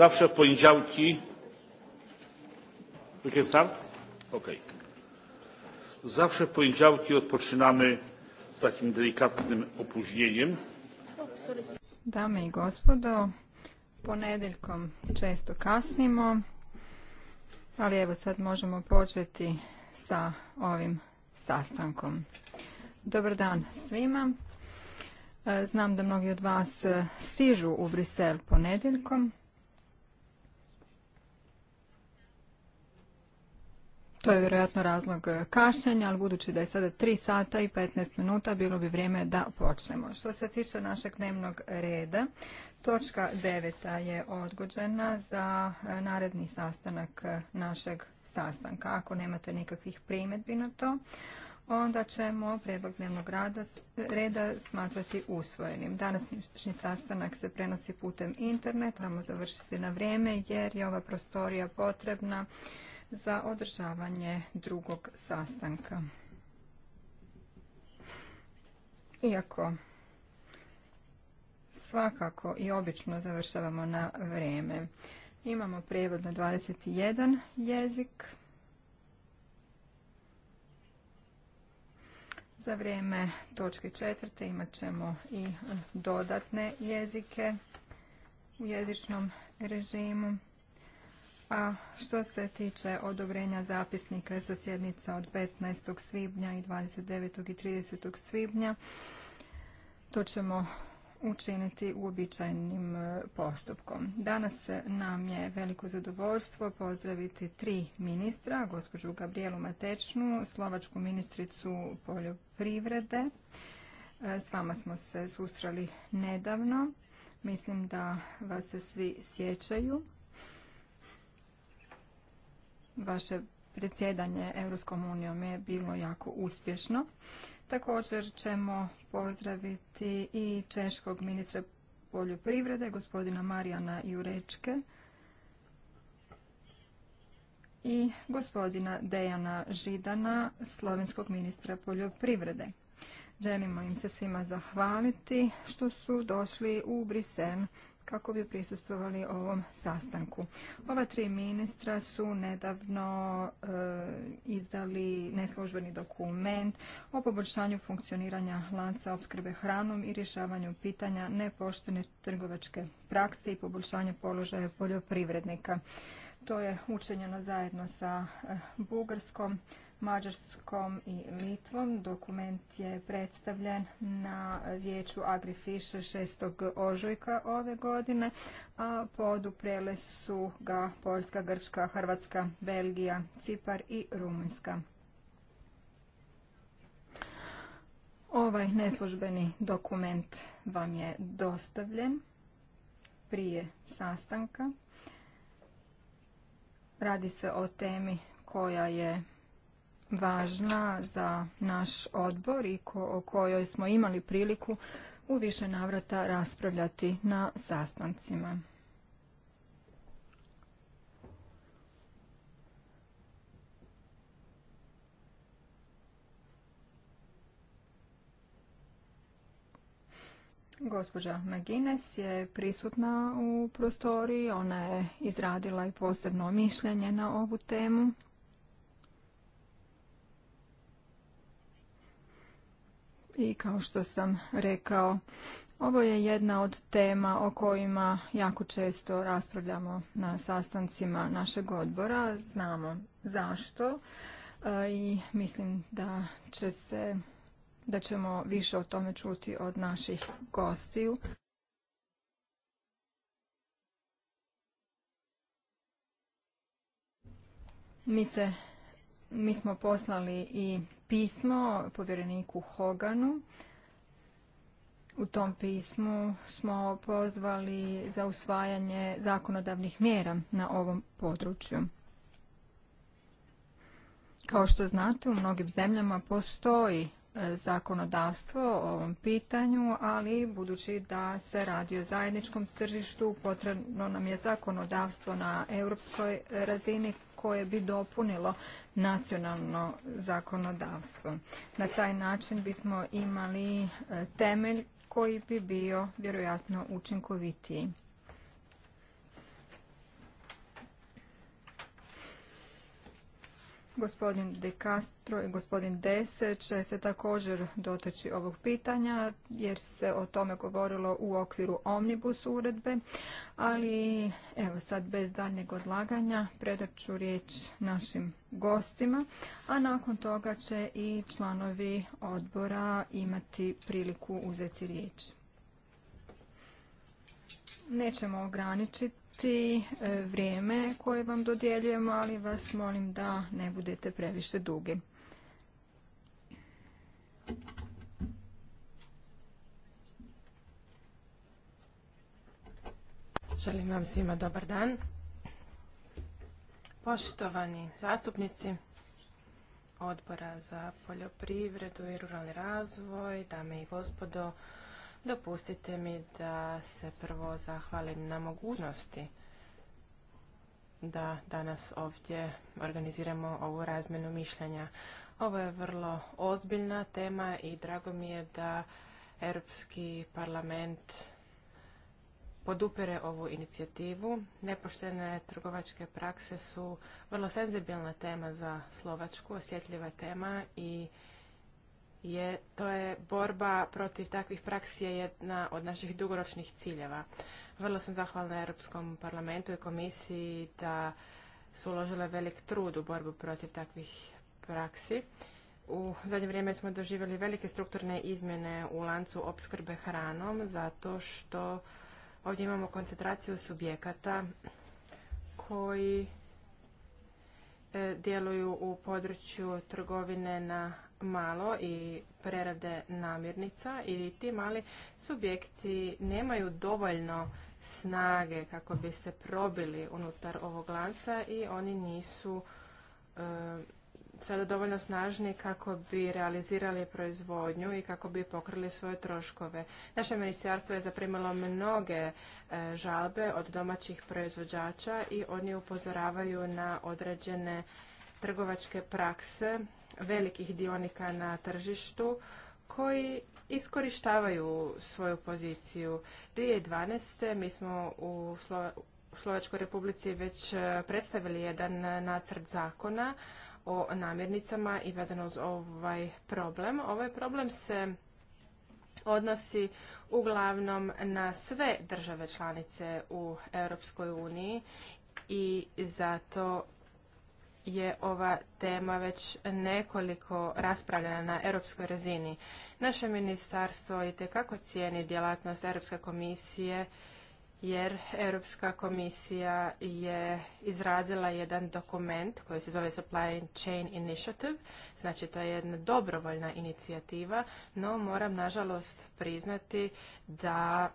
zawsze w poniedziałki We Zawsze w poniedziałki rozpoczynamy z takim delikatnym opóźnieniem. Dame i gospodo, ponedjeljkom često kasnimo, ali evo sad možemo početi sa ovim sastankom. Dobar dan svima. E, znam da mnogi od vas e, stižu u Brisel ponedjeljkom, To je vjerojatno razlog e, kašnjenja, ali budući da je sada 3 sata i 15 minuta, bilo bi vrijeme da počnemo. Što se tiče našeg dnevnog reda, točka 9. je odgođena za e, naredni sastanak e, našeg sastanka. Ako nemate nikakvih primetbi na to, onda ćemo predlog dnevnog reda smatrati usvojenim. Današnji sastanak se prenosi putem interneta, moramo završiti na vrijeme jer je ova prostorija potrebna za održavanje drugog sastanka. Iako svakako i obično završavamo na vrijeme. Imamo prijevod na 21 jezik. Za vrijeme točke četvrte imat ćemo i dodatne jezike u jezičnom režimu. A što se tiče odobrenja zapisnika sa sjednica od 15. svibnja i 29. i 30. svibnja, to ćemo učiniti uobičajenim e, postupkom. Danas nam je veliko zadovoljstvo pozdraviti tri ministra, gospođu Gabrielu Matečnu, slovačku ministricu poljoprivrede. E, s vama smo se susreli nedavno. Mislim da vas se svi sjećaju. Vaše predsjedanje Europskom unijom je bilo jako uspješno. Također ćemo pozdraviti i češkog ministra poljoprivrede, gospodina Marijana Jurečke i gospodina Dejana Židana, slovenskog ministra poljoprivrede. Želimo im se svima zahvaliti što su došli u Brisel kako bi prisustvovali ovom sastanku. Ova tri ministra su nedavno e, izdali neslužbeni dokument o poboljšanju funkcioniranja lanca opskrbe hranom i rješavanju pitanja nepoštene trgovačke prakse i poboljšanja položaja poljoprivrednika. To je učenjeno zajedno sa e, Bugarskom, Mađarskom i Litvom. Dokument je predstavljen na vijeću Agrifish 6. ožujka ove godine, a poduprele su ga Poljska, Grčka, Hrvatska, Belgija, Cipar i Rumunjska. Ovaj neslužbeni dokument vam je dostavljen prije sastanka. Radi se o temi koja je važna za naš odbor i o kojoj smo imali priliku u više navrata raspravljati na sastancima. Gospođa Magines je prisutna u prostoriji, ona je izradila i posebno mišljenje na ovu temu. i kao što sam rekao, ovo je jedna od tema o kojima jako često raspravljamo na sastancima našeg odbora. Znamo zašto e, i mislim da će se da ćemo više o tome čuti od naših gostiju. Mi, se, mi smo poslali i pismo povjereniku Hoganu. U tom pismu smo pozvali za usvajanje zakonodavnih mjera na ovom području. Kao što znate, u mnogim zemljama postoji e, zakonodavstvo o ovom pitanju, ali budući da se radi o zajedničkom tržištu, potrebno nam je zakonodavstvo na europskoj razini koje bi dopunilo nacionalno zakonodavstvo. Na taj način bismo imali e, temelj koji bi bio vjerojatno učinkovitiji. Gospodin De Castro i gospodin Dese će se također doteći ovog pitanja jer se o tome govorilo u okviru omnibus uredbe, ali evo sad bez daljnjeg odlaganja predat ću riječ našim gostima, a nakon toga će i članovi odbora imati priliku uzeti riječ. Nećemo ograničiti E, vrijeme koje vam dodjeljujemo, ali vas molim da ne budete previše dugi. Želim vam svima dobar dan. Poštovani zastupnici Odbora za poljoprivredu i ruralni razvoj, dame i gospodo, Dopustite mi da se prvo zahvalim na mogućnosti da danas ovdje organiziramo ovu razmjenu mišljenja. Ovo je vrlo ozbiljna tema i drago mi je da Europski parlament podupire ovu inicijativu. Nepoštene trgovačke prakse su vrlo senzibilna tema za Slovačku, osjetljiva tema i je, to je borba protiv takvih praksi jedna od naših dugoročnih ciljeva. Vrlo sam zahvalna Europskom parlamentu i komisiji da su uložile velik trud u borbu protiv takvih praksi. U zadnje vrijeme smo doživjeli velike strukturne izmjene u lancu opskrbe hranom zato što ovdje imamo koncentraciju subjekata koji e, djeluju u području trgovine na malo i prerade namirnica i ti mali subjekti nemaju dovoljno snage kako bi se probili unutar ovog lanca i oni nisu e, sada dovoljno snažni kako bi realizirali proizvodnju i kako bi pokrili svoje troškove. Naše ministarstvo je zaprimilo mnoge e, žalbe od domaćih proizvođača i oni upozoravaju na određene trgovačke prakse velikih dionika na tržištu koji iskorištavaju svoju poziciju. 2012. mi smo u Slovačkoj republici već e, predstavili jedan nacrt zakona o namirnicama i vezano uz ovaj problem. Ovaj problem se odnosi uglavnom na sve države članice u Europskoj uniji i zato je ova tema već nekoliko raspravljena na europskoj razini. Naše ministarstvo i cijeni djelatnost Europske komisije jer Europska komisija je izradila jedan dokument koji se zove Supply Chain Initiative, znači to je jedna dobrovoljna inicijativa, no moram nažalost priznati da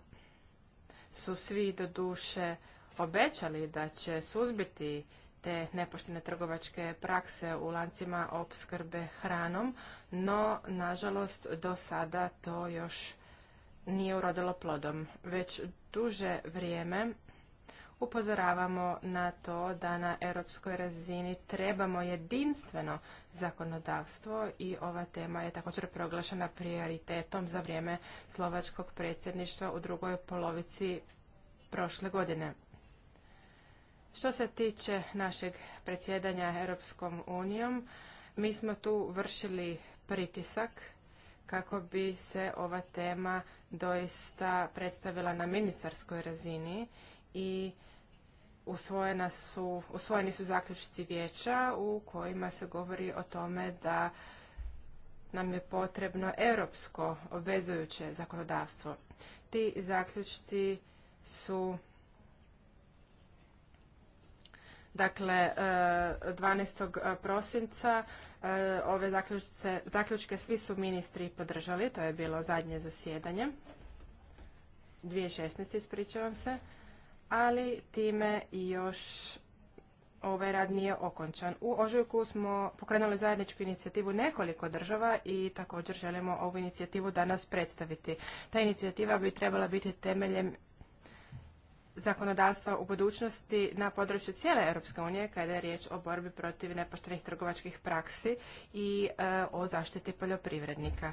su svi do duše obećali da će suzbiti te nepoštene trgovačke prakse u lancima opskrbe hranom, no nažalost do sada to još nije urodilo plodom. Već duže vrijeme upozoravamo na to da na europskoj razini trebamo jedinstveno zakonodavstvo i ova tema je također proglašena prioritetom za vrijeme slovačkog predsjedništva u drugoj polovici prošle godine. Što se tiče našeg predsjedanja Europskom unijom, mi smo tu vršili pritisak kako bi se ova tema doista predstavila na ministarskoj razini i usvojeni su zaključci vijeća u kojima se govori o tome da nam je potrebno europsko obvezujuće zakonodavstvo. Ti zaključci su Dakle, 12. E, prosinca e, ove zaključke svi su ministri podržali, to je bilo zadnje zasjedanje, 2016. ispričavam se, ali time još ovaj rad nije okončan. U Ožujku smo pokrenuli zajedničku inicijativu nekoliko država i također želimo ovu inicijativu danas predstaviti. Ta inicijativa bi trebala biti temeljem zakonodavstva u budućnosti na području cijele Europske unije kada je riječ o borbi protiv nepoštenih trgovačkih praksi i e, o zaštiti poljoprivrednika.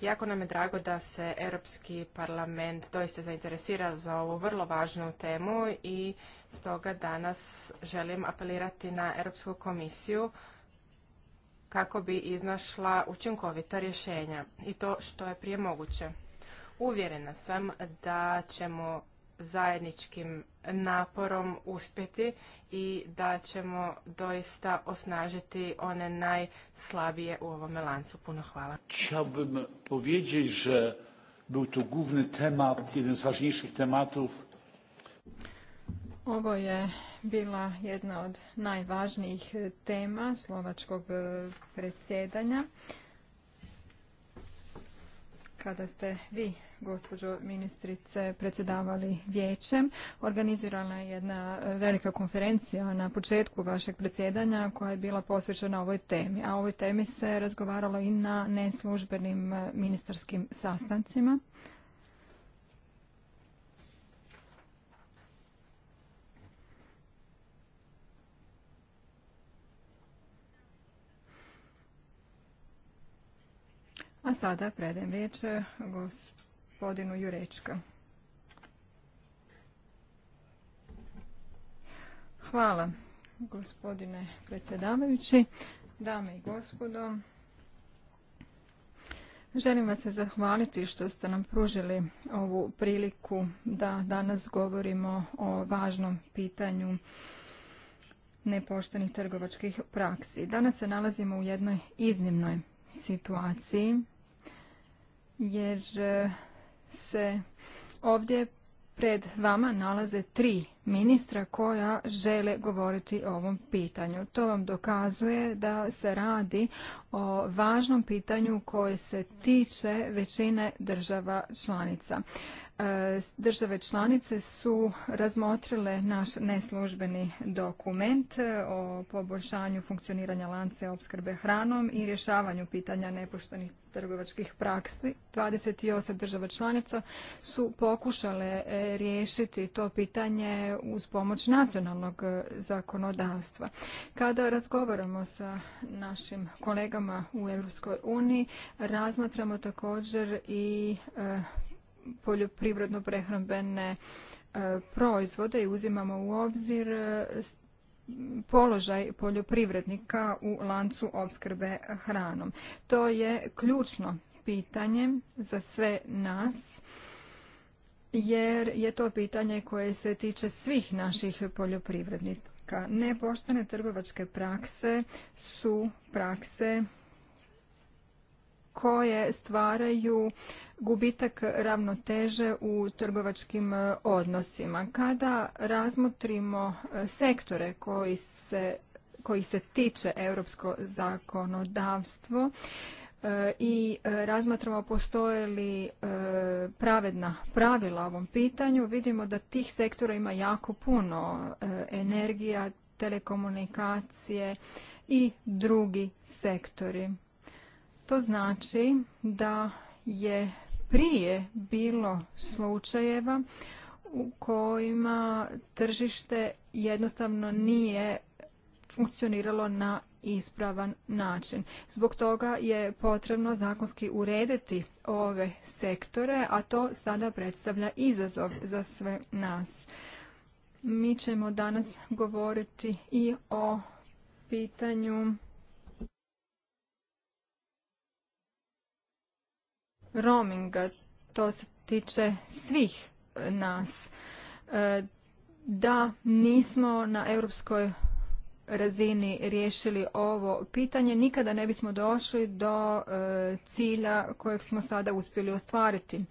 Jako nam je drago da se Europski parlament doista zainteresira za ovu vrlo važnu temu i stoga danas želim apelirati na Europsku komisiju kako bi iznašla učinkovita rješenja i to što je prije moguće. Uvjerena sam da ćemo zajedničkim naporom uspjeti i da ćemo doista osnažiti one najslabije u ovome lancu. Puno hvala. Chciałbym był to temat, jeden z tematów. Ovo je bila jedna od najvažnijih tema slovačkog e, predsjedanja. Kada ste vi gospođo ministrice, predsjedavali vijećem. Organizirana je jedna velika konferencija na početku vašeg predsjedanja koja je bila posvećena ovoj temi. A o ovoj temi se razgovaralo i na neslužbenim ministarskim sastancima. A sada predajem riječ gospodinu gospodinu Jurečka. Hvala gospodine predsjedavajući, dame i gospodo. Želim vas se zahvaliti što ste nam pružili ovu priliku da danas govorimo o važnom pitanju nepoštenih trgovačkih praksi. Danas se nalazimo u jednoj iznimnoj situaciji jer se ovdje pred vama nalaze tri ministra koja žele govoriti o ovom pitanju. To vam dokazuje da se radi o važnom pitanju koje se tiče većine država članica. E, države članice su razmotrile naš neslužbeni dokument e, o poboljšanju funkcioniranja lance opskrbe hranom i rješavanju pitanja nepoštenih trgovačkih praksi. 28 država članica su pokušale e, riješiti to pitanje uz pomoć nacionalnog zakonodavstva. Kada razgovaramo sa našim kolegama u EU, razmatramo također i poljoprivredno prehrambene e, proizvode i uzimamo u obzir e, položaj poljoprivrednika u lancu opskrbe hranom. To je ključno pitanje za sve nas jer je to pitanje koje se tiče svih naših poljoprivrednika. Nepoštene trgovačke prakse su prakse koje stvaraju gubitak ravnoteže u trgovačkim e, odnosima. Kada razmotrimo e, sektore koji se, koji se tiče europsko zakonodavstvo, e, i razmatramo postoje li pravedna pravila ovom pitanju, vidimo da tih sektora ima jako puno energija, telekomunikacije i drugi sektori. To znači da je prije bilo slučajeva u kojima tržište jednostavno nije funkcioniralo na ispravan način. Zbog toga je potrebno zakonski urediti ove sektore, a to sada predstavlja izazov za sve nas. Mi ćemo danas govoriti i o pitanju roaming, to se tiče svih e, nas. E, da nismo na europskoj razini riješili ovo pitanje, nikada ne bismo došli do e, cilja kojeg smo sada uspjeli ostvariti.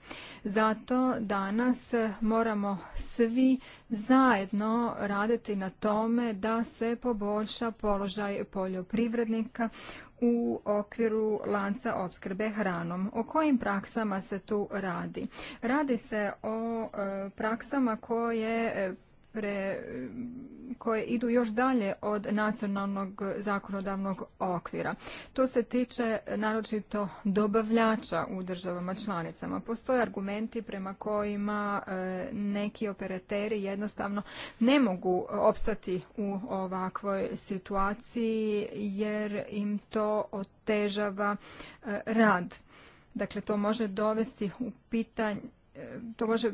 Zato danas moramo svi zajedno raditi na tome da se poboljša položaj poljoprivrednika u okviru lanca opskrbe hranom. O kojim praksama se tu radi? Radi se o e, praksama koje e, pre, koje idu još dalje od nacionalnog zakonodavnog okvira. To se tiče naročito dobavljača u državama članicama. Postoje argumenti prema kojima e, neki operateri jednostavno ne mogu opstati u ovakvoj situaciji jer im to otežava e, rad. Dakle, to može dovesti u pitanje E, to može e,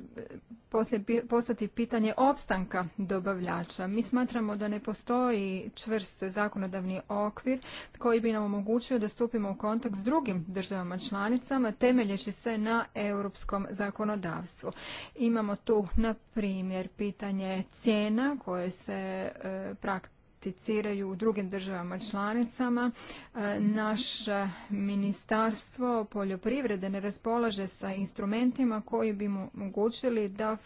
poslije postati pitanje opstanka dobavljača. Mi smatramo da ne postoji čvrst zakonodavni okvir koji bi nam omogućio da stupimo u kontakt s drugim državama članicama temeljeći se na europskom zakonodavstvu. Imamo tu, na primjer, pitanje cijena koje se e, praktično prakticiraju u drugim državama članicama. E, Naš ministarstvo poljoprivrede ne raspolaže sa instrumentima koji bi mu omogućili da,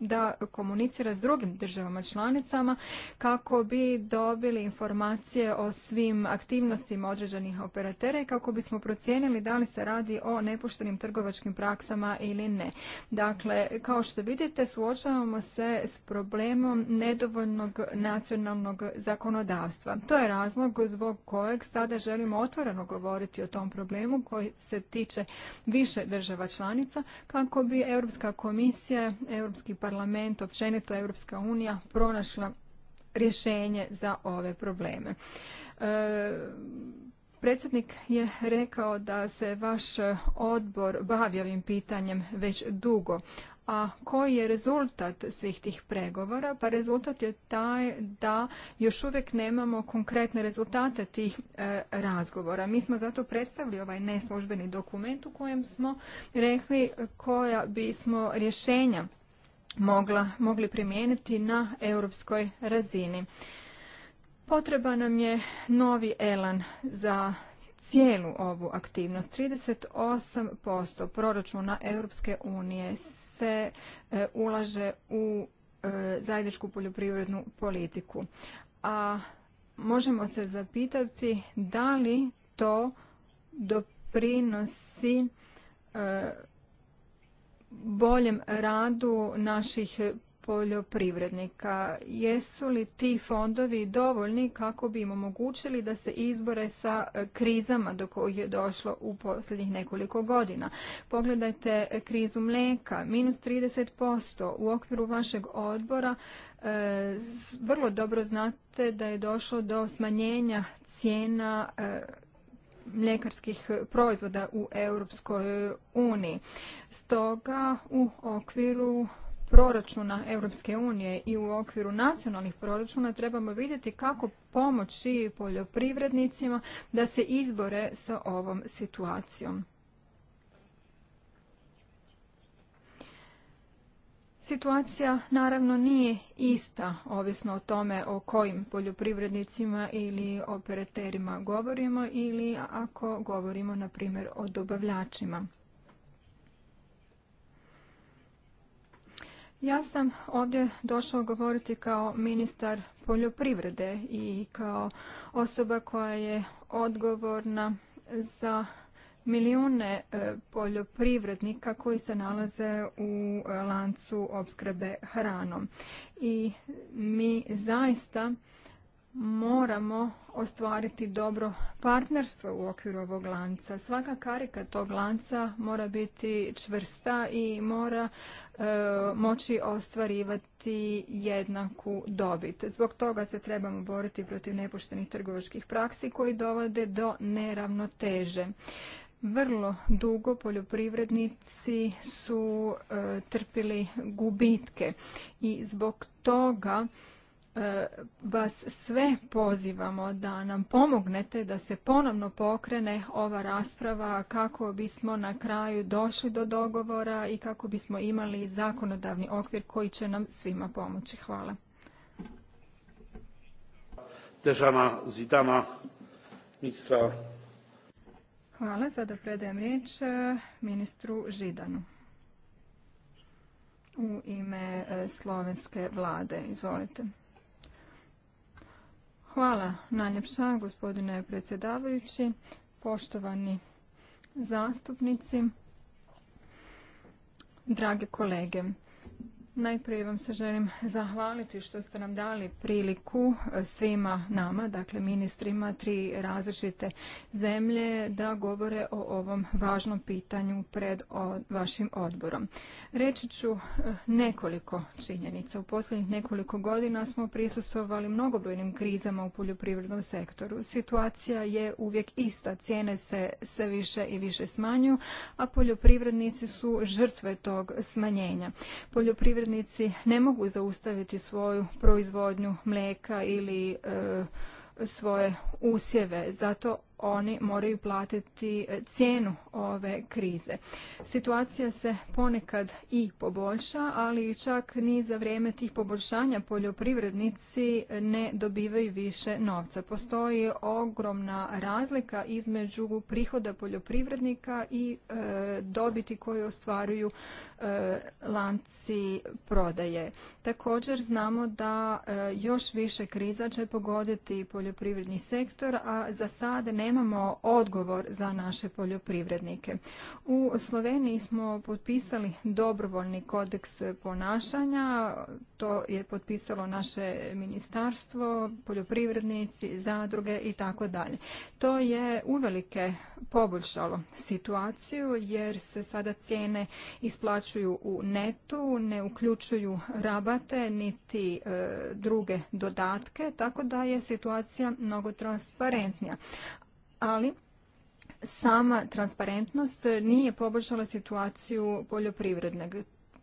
da komunicira s drugim državama članicama kako bi dobili informacije o svim aktivnostima određenih operatera i kako bismo procijenili da li se radi o nepoštenim trgovačkim praksama ili ne. Dakle, kao što vidite, suočavamo se s problemom nedovoljnog nacionalnog zakonodavstva. To je razlog zbog kojeg sada želimo otvoreno govoriti o tom problemu koji se tiče više država članica kako bi Europska komisija, Europski parlament, općenito Europska unija pronašla rješenje za ove probleme. E, predsjednik je rekao da se vaš odbor bavi ovim pitanjem već dugo, a koji je rezultat svih tih pregovora? Pa rezultat je taj da još uvijek nemamo konkretne rezultate tih e, razgovora. Mi smo zato predstavili ovaj neslužbeni dokument u kojem smo rekli koja bismo rješenja mogli primijeniti na europskoj razini. Potreba nam je novi elan za cijelu ovu aktivnost. 38% proračuna Europske unije se e, ulaže u e, zajedničku poljoprivrednu politiku. A možemo se zapitati da li to doprinosi e, boljem radu naših poljoprivrednika. Jesu li ti fondovi dovoljni kako bi im omogućili da se izbore sa e, krizama do kojih je došlo u posljednjih nekoliko godina? Pogledajte krizu mlijeka, minus 30%. U okviru vašeg odbora e, vrlo dobro znate da je došlo do smanjenja cijena e, mljekarskih proizvoda u Europskoj uniji. Stoga u okviru proračuna Europske unije i u okviru nacionalnih proračuna trebamo vidjeti kako pomoći poljoprivrednicima da se izbore sa ovom situacijom. Situacija naravno nije ista, ovisno o tome o kojim poljoprivrednicima ili operaterima govorimo ili ako govorimo, na primjer, o dobavljačima. Ja sam ovdje došao govoriti kao ministar poljoprivrede i kao osoba koja je odgovorna za milijune e, poljoprivrednika koji se nalaze u e, lancu opskrbe hranom. I mi zaista moramo ostvariti dobro partnerstvo u okviru ovog lanca. Svaka karika tog lanca mora biti čvrsta i mora e, moći ostvarivati jednaku dobit. Zbog toga se trebamo boriti protiv nepoštenih trgovačkih praksi koji dovode do neravnoteže. Vrlo dugo poljoprivrednici su e, trpili gubitke i zbog toga E, vas sve pozivamo da nam pomognete da se ponovno pokrene ova rasprava kako bismo na kraju došli do dogovora i kako bismo imali zakonodavni okvir koji će nam svima pomoći. Hvala. Dežana Hvala. Sada predajem riječ e, ministru Židanu u ime e, slovenske vlade. Izvolite. Hvala najljepša gospodine predsjedavajući, poštovani zastupnici, drage kolege. Najprije vam se želim zahvaliti što ste nam dali priliku e, svima nama, dakle ministrima tri različite zemlje, da govore o ovom važnom pitanju pred vašim odborom. Reći ću e, nekoliko činjenica. U posljednjih nekoliko godina smo prisustovali mnogobrojnim krizama u poljoprivrednom sektoru. Situacija je uvijek ista, cijene se sve više i više smanjuju, a poljoprivrednici su žrtve tog smanjenja. Poljoprivredni poljoprivrednici ne mogu zaustaviti svoju proizvodnju mlijeka ili e, svoje usjeve. Zato oni moraju platiti e, cijenu ove krize. Situacija se ponekad i poboljša, ali čak ni za vrijeme tih poboljšanja poljoprivrednici ne dobivaju više novca. Postoji ogromna razlika između prihoda poljoprivrednika i e, dobiti koju ostvaruju e, lanci prodaje. Također znamo da još više kriza će pogoditi poljoprivredni sektor, a za sada ne imamo odgovor za naše poljoprivrednike. U Sloveniji smo potpisali dobrovoljni kodeks ponašanja, to je potpisalo naše ministarstvo, poljoprivrednici, zadruge i tako dalje. To je uvelike poboljšalo situaciju jer se sada cijene isplaćuju u netu, ne uključuju rabate niti e, druge dodatke, tako da je situacija mnogo transparentnija ali sama transparentnost nije poboljšala situaciju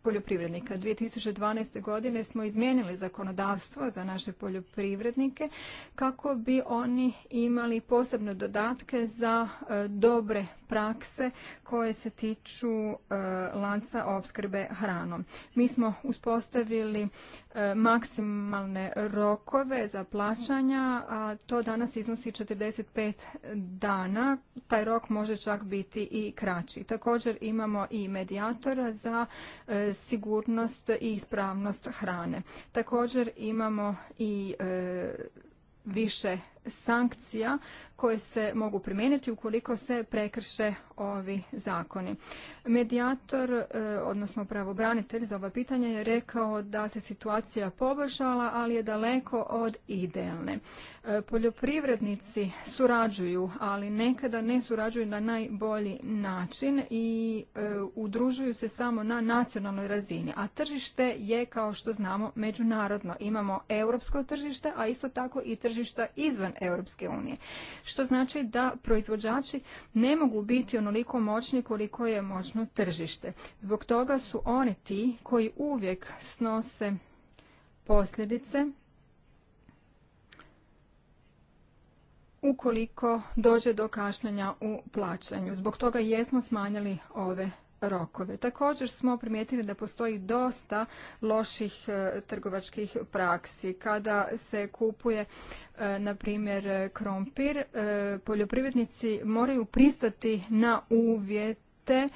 poljoprivrednika. 2012. godine smo izmijenili zakonodavstvo za naše poljoprivrednike kako bi oni imali posebne dodatke za e, dobre prakse koje se tiču e, lanca opskrbe hranom. Mi smo uspostavili e, maksimalne rokove za plaćanja, a to danas iznosi 45 dana. Taj rok može čak biti i kraći. Također imamo i medijatora za e, sigurnost i ispravnost hrane. Također imamo i više sankcija koje se mogu primijeniti ukoliko se prekrše ovi zakoni. Medijator, e, odnosno pravobranitelj za ova pitanja je rekao da se situacija poboljšala, ali je daleko od idealne. E, poljoprivrednici surađuju, ali nekada ne surađuju na najbolji način i e, udružuju se samo na nacionalnoj razini. A tržište je, kao što znamo, međunarodno. Imamo europsko tržište, a isto tako i tržišta izvan Europske unije. Što znači da proizvođači ne mogu biti onoliko moćni koliko je moćno tržište. Zbog toga su oni ti koji uvijek snose posljedice ukoliko dođe do kašnjenja u plaćanju. Zbog toga jesmo smanjili ove rokove. Također smo primijetili da postoji dosta loših e, trgovačkih praksi. Kada se kupuje, e, na primjer, krompir, e, poljoprivrednici moraju pristati na uvjete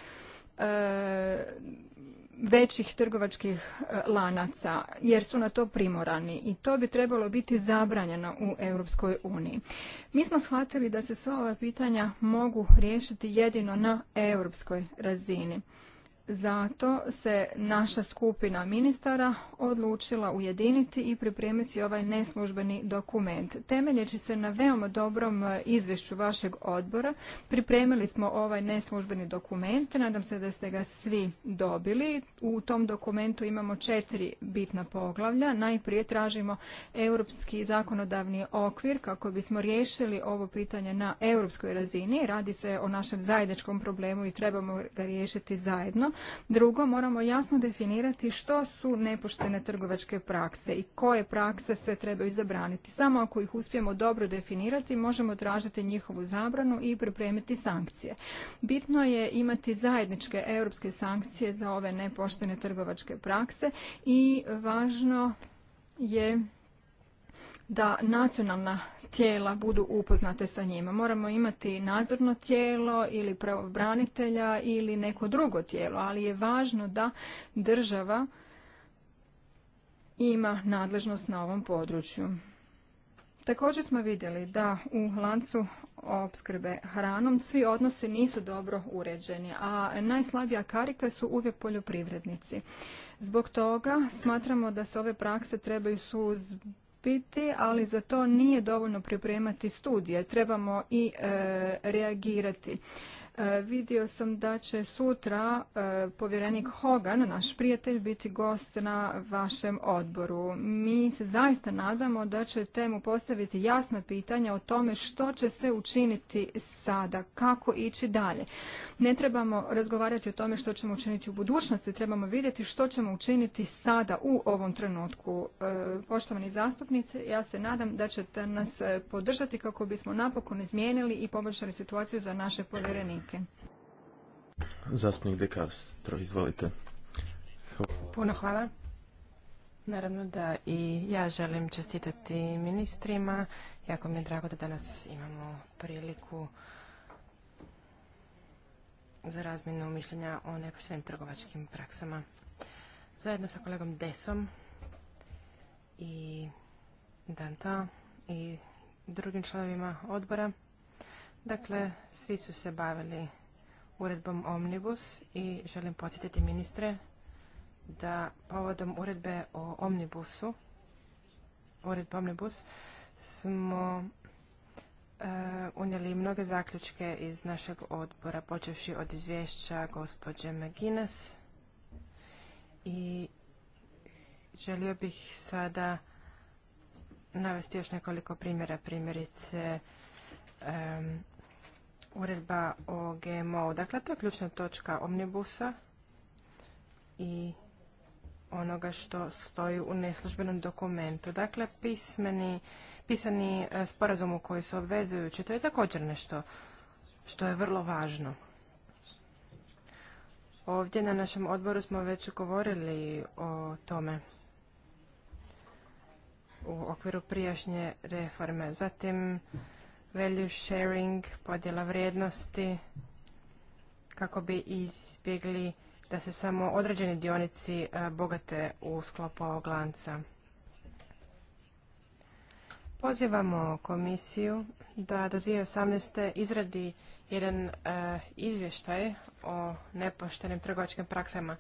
većih trgovačkih e, lanaca jer su na to primorani i to bi trebalo biti zabranjeno u Europskoj uniji. Mi smo shvatili da se sva ova pitanja mogu riješiti jedino na europskoj razini. Zato se naša skupina ministara odlučila ujediniti i pripremiti ovaj neslužbeni dokument. Temeljeći se na veoma dobrom e, izvješću vašeg odbora, pripremili smo ovaj neslužbeni dokument. Nadam se da ste ga svi dobili. U tom dokumentu imamo četiri bitna poglavlja. Najprije tražimo europski zakonodavni okvir kako bismo riješili ovo pitanje na europskoj razini. Radi se o našem zajedničkom problemu i trebamo ga riješiti zajedno Drugo, moramo jasno definirati što su nepoštene trgovačke prakse i koje prakse se trebaju zabraniti. Samo ako ih uspijemo dobro definirati, možemo tražiti njihovu zabranu i pripremiti sankcije. Bitno je imati zajedničke europske sankcije za ove nepoštene trgovačke prakse i važno je da nacionalna tijela budu upoznate sa njima. Moramo imati nadzorno tijelo ili pravobranitelja ili neko drugo tijelo, ali je važno da država ima nadležnost na ovom području. Također smo vidjeli da u lancu opskrbe hranom svi odnosi nisu dobro uređeni, a najslabija karika su uvijek poljoprivrednici. Zbog toga smatramo da se ove prakse trebaju suzbiti biti, ali za to nije dovoljno pripremati studije, trebamo i e, reagirati. E, vidio sam da će sutra e, povjerenik Hogan, naš prijatelj, biti gost na vašem odboru. Mi se zaista nadamo da će temu postaviti jasna pitanja o tome što će se učiniti sada, kako ići dalje. Ne trebamo razgovarati o tome što ćemo učiniti u budućnosti, trebamo vidjeti što ćemo učiniti sada u ovom trenutku. E, poštovani zastupnice, ja se nadam da ćete nas podržati kako bismo napokon izmijenili i poboljšali situaciju za naše povjerenike zastupnike. Zastupnik Dekastro, izvolite. Puno hvala. Naravno da i ja želim čestitati ministrima. Jako mi je drago da danas imamo priliku za razmjenu mišljenja o nepoštenim trgovačkim praksama. Zajedno sa kolegom Desom i Danta i drugim članovima odbora Dakle, svi su se bavili uredbom Omnibus i želim podsjetiti ministre da povodom uredbe o Omnibusu, uredbe Omnibus, smo e, unijeli mnoge zaključke iz našeg odbora, počevši od izvješća gospođe McGuinness i želio bih sada navesti još nekoliko primjera, primjerice uredba o GMO. Dakle, to je ključna točka omnibusa i onoga što stoji u neslužbenom dokumentu. Dakle, pismeni, pisani e, sporazum u koji su obvezujući, to je također nešto što je vrlo važno. Ovdje na našem odboru smo već govorili o tome u okviru prijašnje reforme. Zatim, value sharing, podjela vrijednosti, kako bi izbjegli da se samo određeni dionici e, bogate u sklopu ovog lanca. Pozivamo komisiju da do 2018. izradi jedan e, izvještaj o nepoštenim trgovačkim praksama.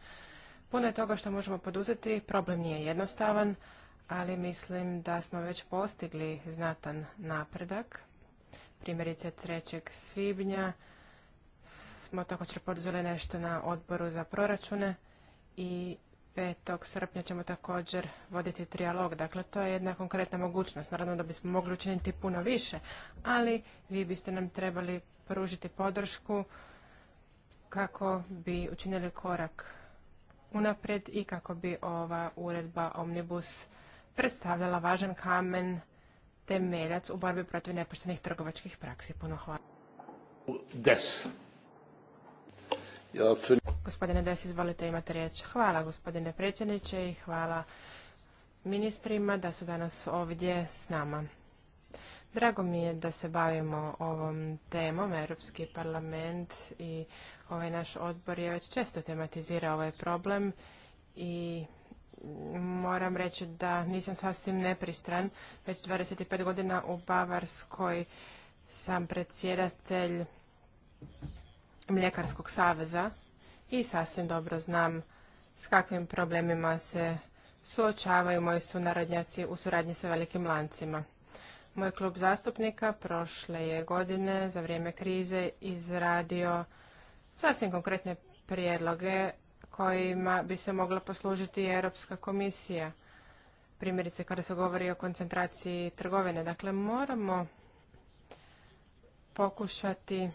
Puno je toga što možemo poduzeti, problem nije jednostavan, ali mislim da smo već postigli znatan napredak. Primjerice 3. svibnja smo također poduzeli nešto na odboru za proračune i 5. srpnja ćemo također voditi trijalog. Dakle, to je jedna konkretna mogućnost. Naravno da bismo mogli učiniti puno više, ali vi biste nam trebali pružiti podršku kako bi učinili korak unaprijed i kako bi ova uredba Omnibus predstavljala važan kamen temeljac u borbi protiv nepoštenih trgovačkih praksi. Puno hvala. Des. gospodine Des, izvolite, imate riječ. Hvala gospodine predsjedniče i hvala ministrima da su danas ovdje s nama. Drago mi je da se bavimo ovom temom. Europski parlament i ovaj naš odbor je već često tematizirao ovaj problem i moram reći da nisam sasvim nepristran. Već 25 godina u Bavarskoj sam predsjedatelj Mljekarskog saveza i sasvim dobro znam s kakvim problemima se suočavaju moji sunarodnjaci u suradnji sa velikim lancima. Moj klub zastupnika prošle je godine za vrijeme krize izradio sasvim konkretne prijedloge kojima bi se mogla poslužiti Europska komisija. Primjerice kada se govori o koncentraciji trgovine. Dakle, moramo pokušati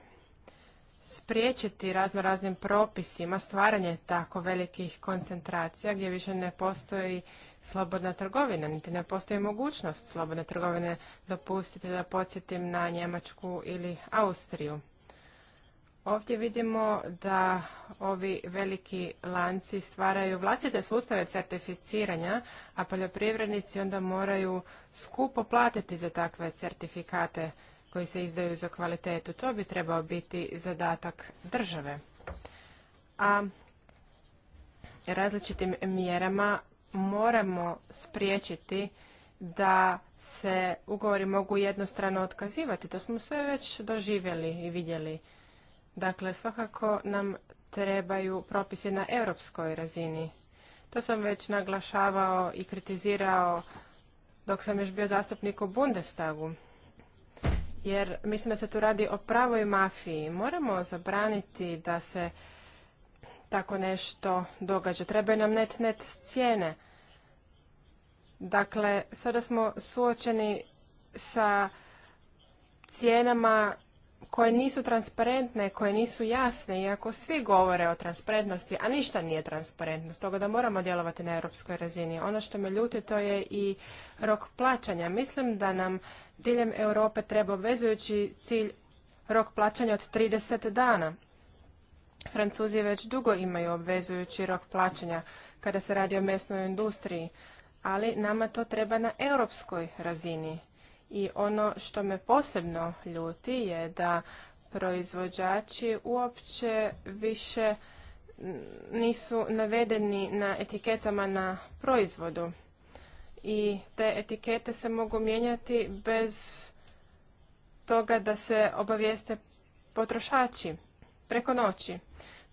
spriječiti razno raznim propisima stvaranje tako velikih koncentracija gdje više ne postoji slobodna trgovina, niti ne postoji mogućnost slobodne trgovine. Dopustite da podsjetim na Njemačku ili Austriju. Ovdje vidimo da ovi veliki lanci stvaraju vlastite sustave certificiranja, a poljoprivrednici onda moraju skupo platiti za takve certifikate koji se izdaju za kvalitetu. To bi trebao biti zadatak države. A različitim mjerama moramo spriječiti da se ugovori mogu jednostrano otkazivati. To smo sve već doživjeli i vidjeli. Dakle, svakako nam trebaju propisi na europskoj razini. To sam već naglašavao i kritizirao dok sam još bio zastupnik u Bundestagu. Jer mislim da se tu radi o pravoj mafiji. Moramo zabraniti da se tako nešto događa. Trebaju nam net net cijene. Dakle, sada smo suočeni sa cijenama koje nisu transparentne, koje nisu jasne, iako svi govore o transparentnosti, a ništa nije transparentno, stoga da moramo djelovati na europskoj razini. Ono što me ljuti to je i rok plaćanja. Mislim da nam diljem Europe treba obvezujući cilj rok plaćanja od 30 dana. Francuzi već dugo imaju obvezujući rok plaćanja kada se radi o mesnoj industriji, ali nama to treba na europskoj razini i ono što me posebno ljuti je da proizvođači uopće više nisu navedeni na etiketama na proizvodu. I te etikete se mogu mijenjati bez toga da se obavijeste potrošači preko noći.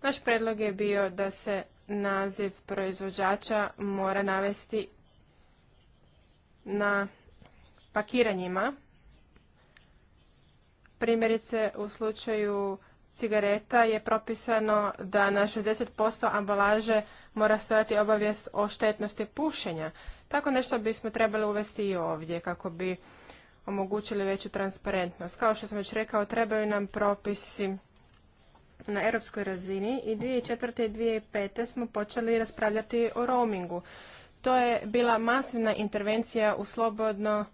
Naš predlog je bio da se naziv proizvođača mora navesti na pakiranjima. Primjerice u slučaju cigareta je propisano da na 60% ambalaže mora stojati obavijest o štetnosti pušenja. Tako nešto bismo trebali uvesti i ovdje kako bi omogućili veću transparentnost. Kao što sam već rekao, trebaju nam propisi na europskoj razini i 2004. i 2005. smo počeli raspravljati o roamingu. To je bila masivna intervencija u slobodno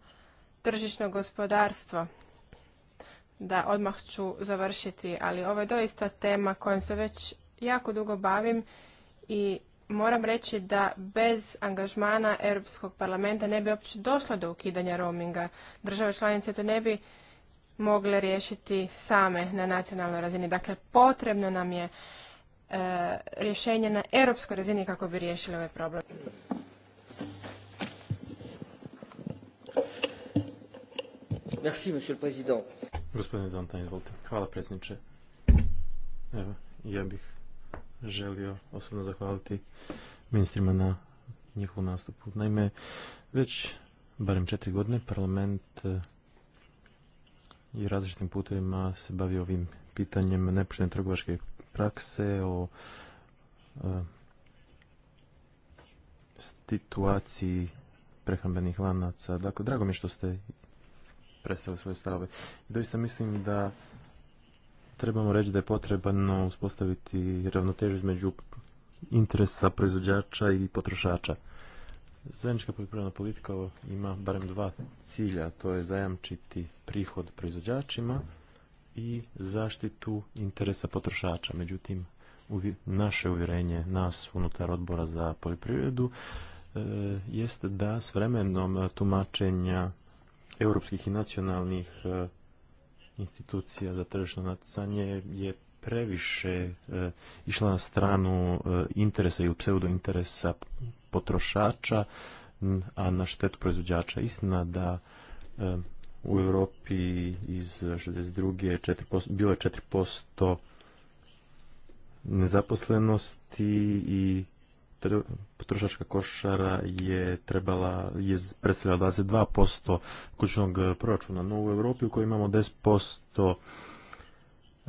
tržišno gospodarstvo. Da, odmah ću završiti, ali ovo je doista tema kojom se već jako dugo bavim i moram reći da bez angažmana Europskog parlamenta ne bi uopće došlo do ukidanja roaminga. Države članice to ne bi mogle riješiti same na nacionalnoj razini. Dakle, potrebno nam je e, rješenje na europskoj razini kako bi riješili ovaj problem. Merci, monsieur le président. Gospodine Dantan, izvolite. Hvala, predsjedniče. Evo, ja bih želio osobno zahvaliti ministrima na njihovom nastupu. Naime, već barem četiri godine parlament e, i različitim putevima se bavi ovim pitanjem nepoštene trgovačke prakse, o e, situaciji prehrambenih lanaca. Dakle, drago mi što ste predstavili svoje stavove. I doista mislim da trebamo reći da je potrebno uspostaviti ravnotežu između interesa proizvođača i potrošača. Zajednička poljoprivredna politika ima barem dva cilja, to je zajamčiti prihod proizvođačima i zaštitu interesa potrošača. Međutim, naše uvjerenje nas unutar odbora za poljoprivredu e, jeste da s vremenom tumačenja europskih i nacionalnih e, institucija za tržišno natjecanje je previše e, išla na stranu e, interesa ili interesa potrošača, a na štetu proizvođača. Istina da u Europi iz 62. 4%, bilo je 4% nezaposlenosti i potrošačka košara je trebala je predstavljala 22% kućnog e, proračuna, no u Europi u kojoj imamo 10%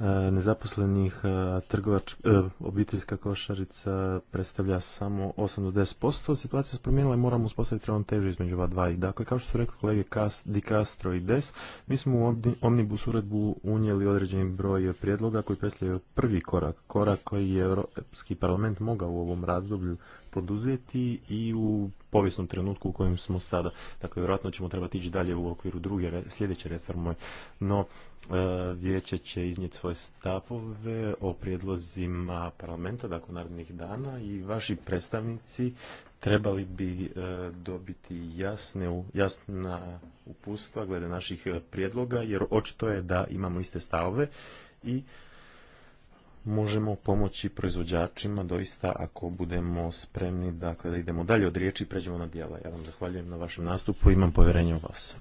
E, nezaposlenih e, e, obiteljska košarica predstavlja samo 8 do 10%. Situacija se promijenila i moramo uspostaviti ravnotežu između ova dva. I dakle, kao što su rekli kolege Di Castro i Des, mi smo u Omnibus uredbu unijeli određeni broj prijedloga koji predstavljaju prvi korak, korak koji je Europski parlament mogao u ovom razdoblju poduzeti i u povijesnom trenutku u kojem smo sada. Dakle, vjerojatno ćemo trebati ići dalje u okviru druge sljedeće reforme, no E, vijeće će iznijeti svoje stavove o prijedlozima parlamenta, dakle narednih dana i vaši predstavnici trebali bi e, dobiti jasne, jasna upustva glede naših e, prijedloga, jer očito je da imamo iste stavove i možemo pomoći proizvođačima doista ako budemo spremni dakle, da idemo dalje od riječi i pređemo na djela. Ja vam zahvaljujem na vašem nastupu i imam povjerenje u vas.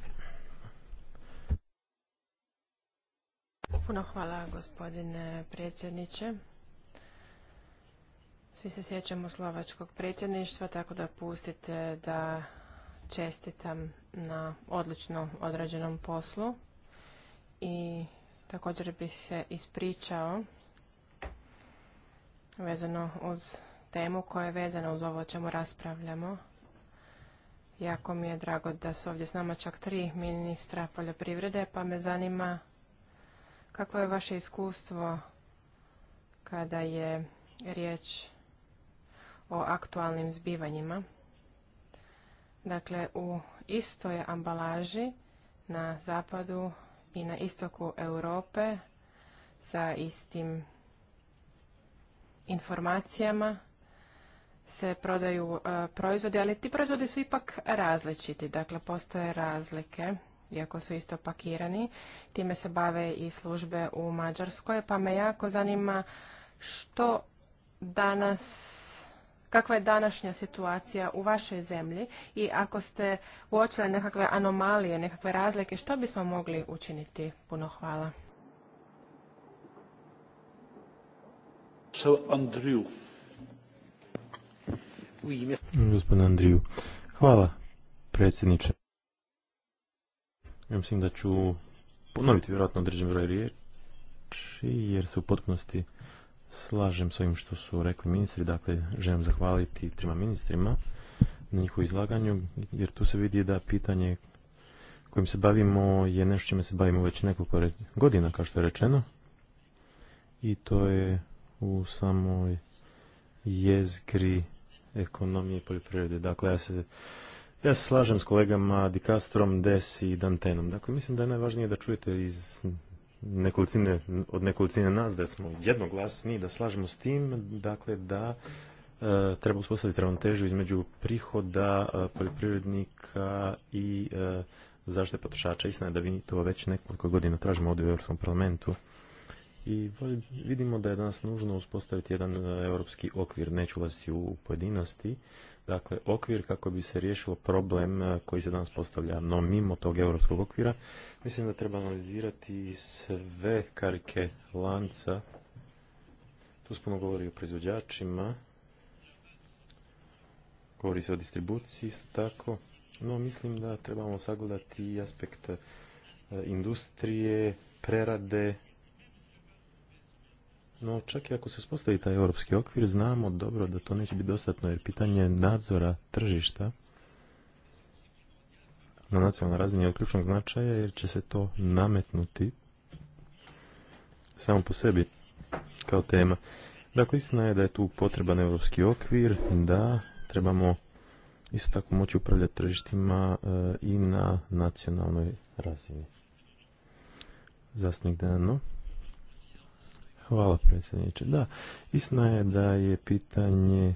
Puno hvala gospodine predsjedniče. Svi se sjećamo slovačkog predsjedništva, tako da pustite da čestitam na odlično odrađenom poslu i također bih se ispričao vezano uz temu koja je vezana uz ovo o čemu raspravljamo. Jako mi je drago da su ovdje s nama čak tri ministra poljoprivrede, pa me zanima kako je vaše iskustvo kada je riječ o aktualnim zbivanjima? Dakle, u istoj ambalaži na zapadu i na istoku Europe sa istim informacijama se prodaju e, proizvodi, ali ti proizvodi su ipak različiti, dakle postoje razlike iako su isto pakirani. Time se bave i službe u Mađarskoj, pa me jako zanima što danas kakva je današnja situacija u vašoj zemlji i ako ste uočili nekakve anomalije, nekakve razlike, što bismo mogli učiniti? Puno hvala. Andriju. Andriju, hvala predsjedniče. Ja mislim da ću ponoviti vjerojatno određen broj riječi, jer se u potpunosti slažem s ovim što su rekli ministri. Dakle, želim zahvaliti trima ministrima na njihovu izlaganju, jer tu se vidi da pitanje kojim se bavimo je nešto čime se bavimo već nekoliko godina, kao što je rečeno. I to je u samoj jezgri ekonomije i poljoprivrede. Dakle, ja se ja se slažem s kolegama Di Castrom, Des i Dantenom. Dakle, mislim da je najvažnije da čujete iz nekolicine, od nekolicine nas da smo jednoglasni, da slažemo s tim, dakle da e, treba uspostaviti ravnotežu između prihoda e, poljoprivrednika i e, zaštite potrošača. Istina je da vi to već nekoliko godina tražimo ovdje u Europskom parlamentu i vidimo da je danas nužno uspostaviti jedan e, europski okvir, neću ulaziti u pojedinosti, dakle okvir kako bi se riješilo problem eh, koji se danas postavlja. No mimo tog europskog okvira mislim da treba analizirati sve karike lanca. Tu smo govori o proizvođačima, govori se o distribuciji isto tako, no mislim da trebamo sagledati aspekt eh, industrije, prerade, no, čak i ako se uspostavi taj europski okvir, znamo dobro da to neće biti dostatno, jer pitanje nadzora tržišta na nacionalnoj razini je od ključnog značaja, jer će se to nametnuti samo po sebi kao tema. Dakle, istina je da je tu potreban europski okvir, da trebamo isto tako moći upravljati tržištima eh, i na nacionalnoj razini. Zasnik Dano. Hvala predsjedniče. Da, istina je da je pitanje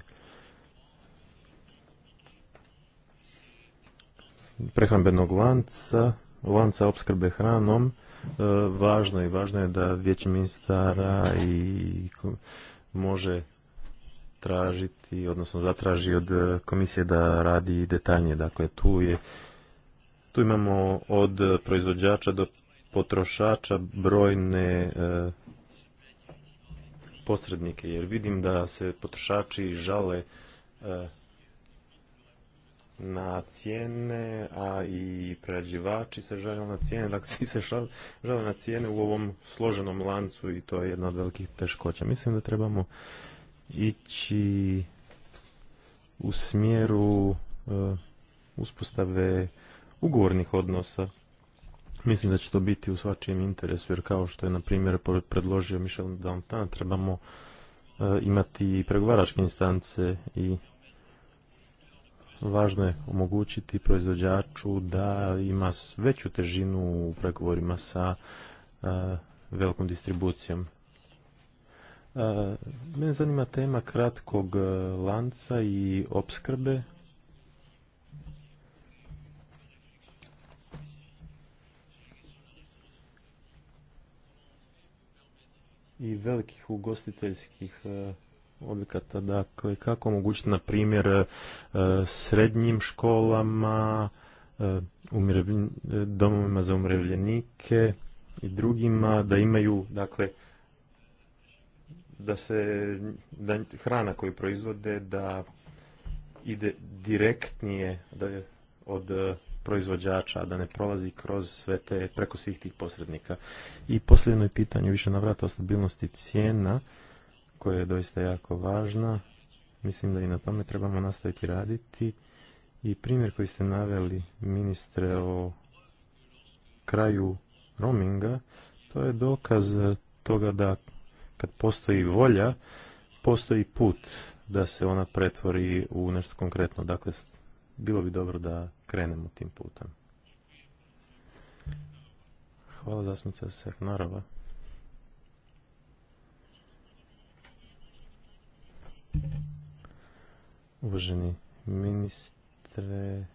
prehrambenog lanca, lanca opskrbe hranom e, važno i važno je da vijeće ministara i može tražiti, odnosno zatraži od komisije da radi detaljnije. Dakle, tu je tu imamo od proizvođača do potrošača brojne e, posrednike, jer vidim da se potrošači žale e, na cijene, a i prerađivači se žale na cijene, dakle svi se žale, žale na cijene u ovom složenom lancu i to je jedna od velikih teškoća. Mislim da trebamo ići u smjeru e, uspostave ugovornih odnosa Mislim da će to biti u svačijem interesu, jer kao što je, na primjer, predložio Michel Dantin, trebamo e, imati pregovaračke instance i važno je omogućiti proizvođaču da ima veću težinu u pregovorima sa e, velikom distribucijom. E, mene zanima tema kratkog lanca i opskrbe i velikih ugostiteljskih e, objekata. Dakle, kako omogućiti, na primjer, e, srednjim školama, e, domovima za umrevljenike i drugima da imaju, dakle, da se da hrana koju proizvode da ide direktnije da od proizvođača, da ne prolazi kroz sve te, preko svih tih posrednika. I posljedno je pitanje više navrata o stabilnosti cijena, koja je doista jako važna. Mislim da i na tome trebamo nastaviti raditi. I primjer koji ste naveli, ministre, o kraju roaminga, to je dokaz toga da kad postoji volja, postoji put da se ona pretvori u nešto konkretno. Dakle, bilo bi dobro da krenemo tim putem. Hvala se Sehnarova. Uvaženi ministre,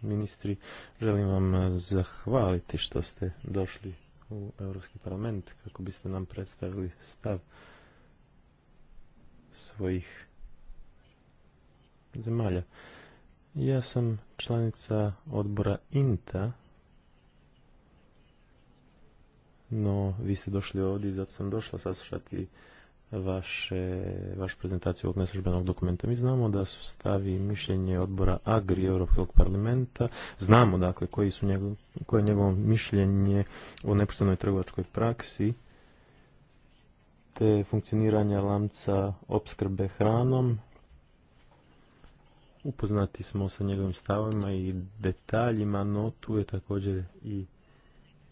ministri, želim vam zahvaliti što ste došli u Europski parlament kako biste nam predstavili stav svojih zemalja. Ja sam članica odbora INTA, no vi ste došli ovdje i zato sam došla saslušati vaše, vašu prezentaciju ovog neslužbenog dokumenta. Mi znamo da su stavi mišljenje odbora Agri Europskog parlamenta. Znamo dakle koji su koje je njegovo mišljenje o nepoštenoj trgovačkoj praksi te funkcioniranja lamca opskrbe hranom upoznati smo sa njegovim stavovima i detaljima, no tu je također i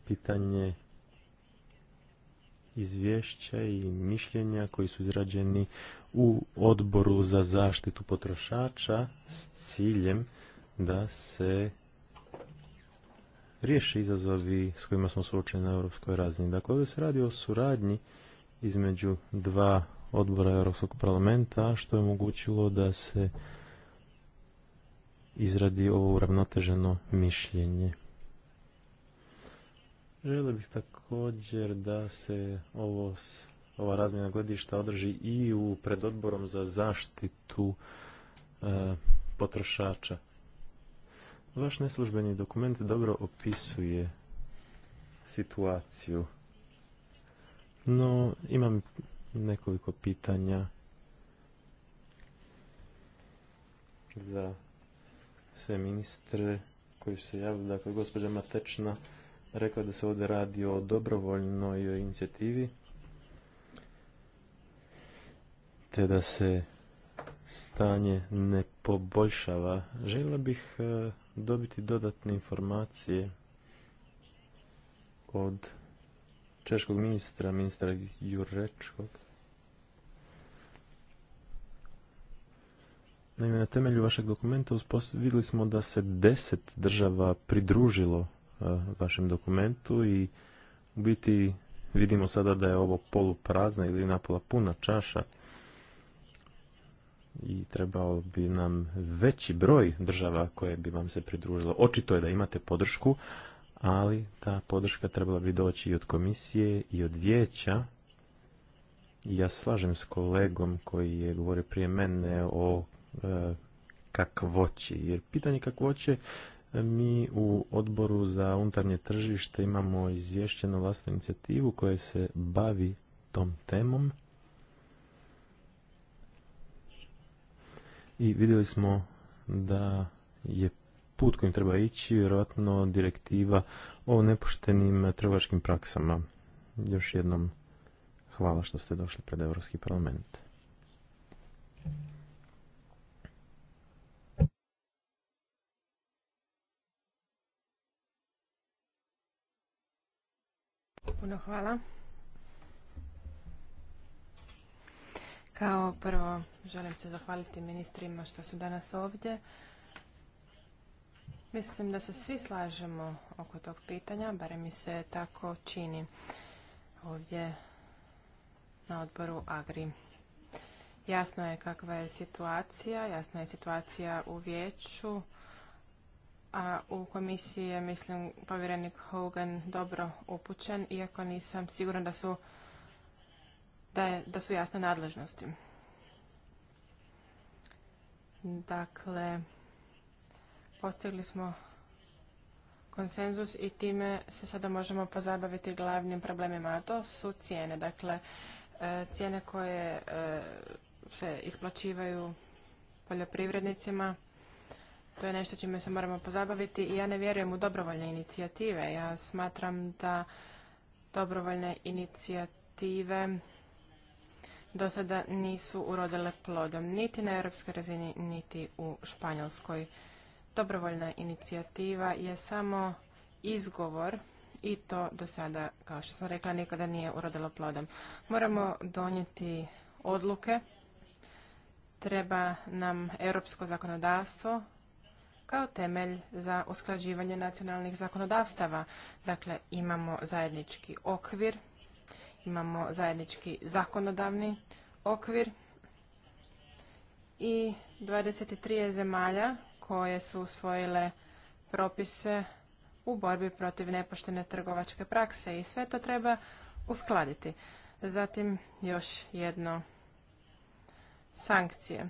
pitanje izvješća i mišljenja koji su izrađeni u odboru za zaštitu potrošača s ciljem da se riješi izazovi s kojima smo suočeni na europskoj razini. Dakle, ovdje se radi o suradnji između dva odbora Europskog parlamenta, što je omogućilo da se izradi ovo uravnoteženo mišljenje. Želio bih također da se ovo, ova razmjena gledišta održi i u predodborom za zaštitu e, potrošača. Vaš neslužbeni dokument dobro opisuje situaciju. No, imam nekoliko pitanja za sve ministre koji su se javili. Dakle, gospođa Matečna rekla da se ovdje radi o dobrovoljnoj inicijativi te da se stanje ne poboljšava. Žela bih e, dobiti dodatne informacije od češkog ministra, ministra Jurečkog. Naime, na temelju vašeg dokumenta vidjeli smo da se deset država pridružilo e, vašem dokumentu i u biti vidimo sada da je ovo poluprazna ili napola puna čaša i trebao bi nam veći broj država koje bi vam se pridružilo. Očito je da imate podršku, ali ta podrška trebala bi doći i od komisije i od vijeća. Ja slažem s kolegom koji je govorio prije mene o E, kakvoći. Jer pitanje kakvoće e, mi u odboru za unutarnje tržište imamo izvješće na vlastnu inicijativu koja se bavi tom temom. I vidjeli smo da je put kojim treba ići vjerojatno direktiva o nepoštenim trgovačkim praksama. Još jednom hvala što ste došli pred Europski parlament. Puno hvala. Kao prvo želim se zahvaliti ministrima što su danas ovdje. Mislim da se svi slažemo oko tog pitanja, barem mi se tako čini ovdje na odboru Agri. Jasno je kakva je situacija, jasna je situacija u vijeću a u komisiji je, mislim, povjerenik Hogan dobro upućen, iako nisam siguran da su, da, da su jasne nadležnosti. Dakle, postigli smo konsenzus i time se sada možemo pozabaviti glavnim problemima, a to su cijene. Dakle, e, cijene koje e, se isplaćivaju poljoprivrednicima to je nešto čime se moramo pozabaviti i ja ne vjerujem u dobrovoljne inicijative. Ja smatram da dobrovoljne inicijative do sada nisu urodile plodom niti na europskoj razini, niti u Španjolskoj. Dobrovoljna inicijativa je samo izgovor i to do sada, kao što sam rekla, nikada nije urodilo plodom. Moramo donijeti odluke, treba nam europsko zakonodavstvo kao temelj za usklađivanje nacionalnih zakonodavstava. Dakle, imamo zajednički okvir, imamo zajednički zakonodavni okvir i 23 zemalja koje su usvojile propise u borbi protiv nepoštene trgovačke prakse i sve to treba uskladiti. Zatim još jedno sankcije.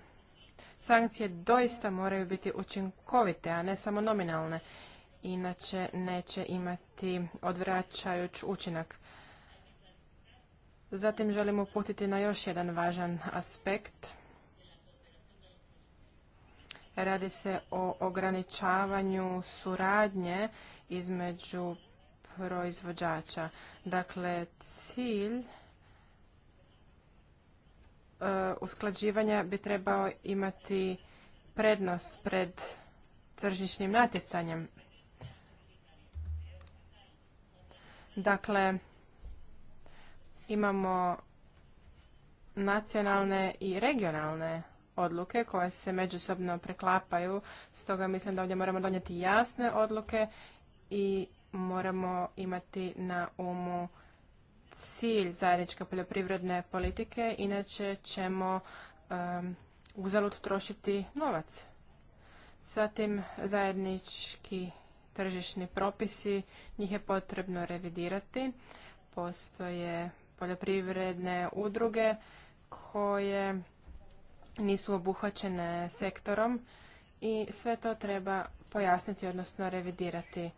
Sankcije doista moraju biti učinkovite, a ne samo nominalne, inače neće imati odvraćajuć učinak. Zatim želim uputiti na još jedan važan aspekt. Radi se o ograničavanju suradnje između proizvođača. Dakle, cilj E, usklađivanja bi trebao imati prednost pred tržišnim natjecanjem. Dakle, imamo nacionalne i regionalne odluke koje se međusobno preklapaju, stoga mislim da ovdje moramo donijeti jasne odluke i moramo imati na umu cilj zajedničke poljoprivredne politike, inače ćemo uzalut trošiti novac. Zatim zajednički tržišni propisi, njih je potrebno revidirati. Postoje poljoprivredne udruge koje nisu obuhvaćene sektorom i sve to treba pojasniti, odnosno revidirati.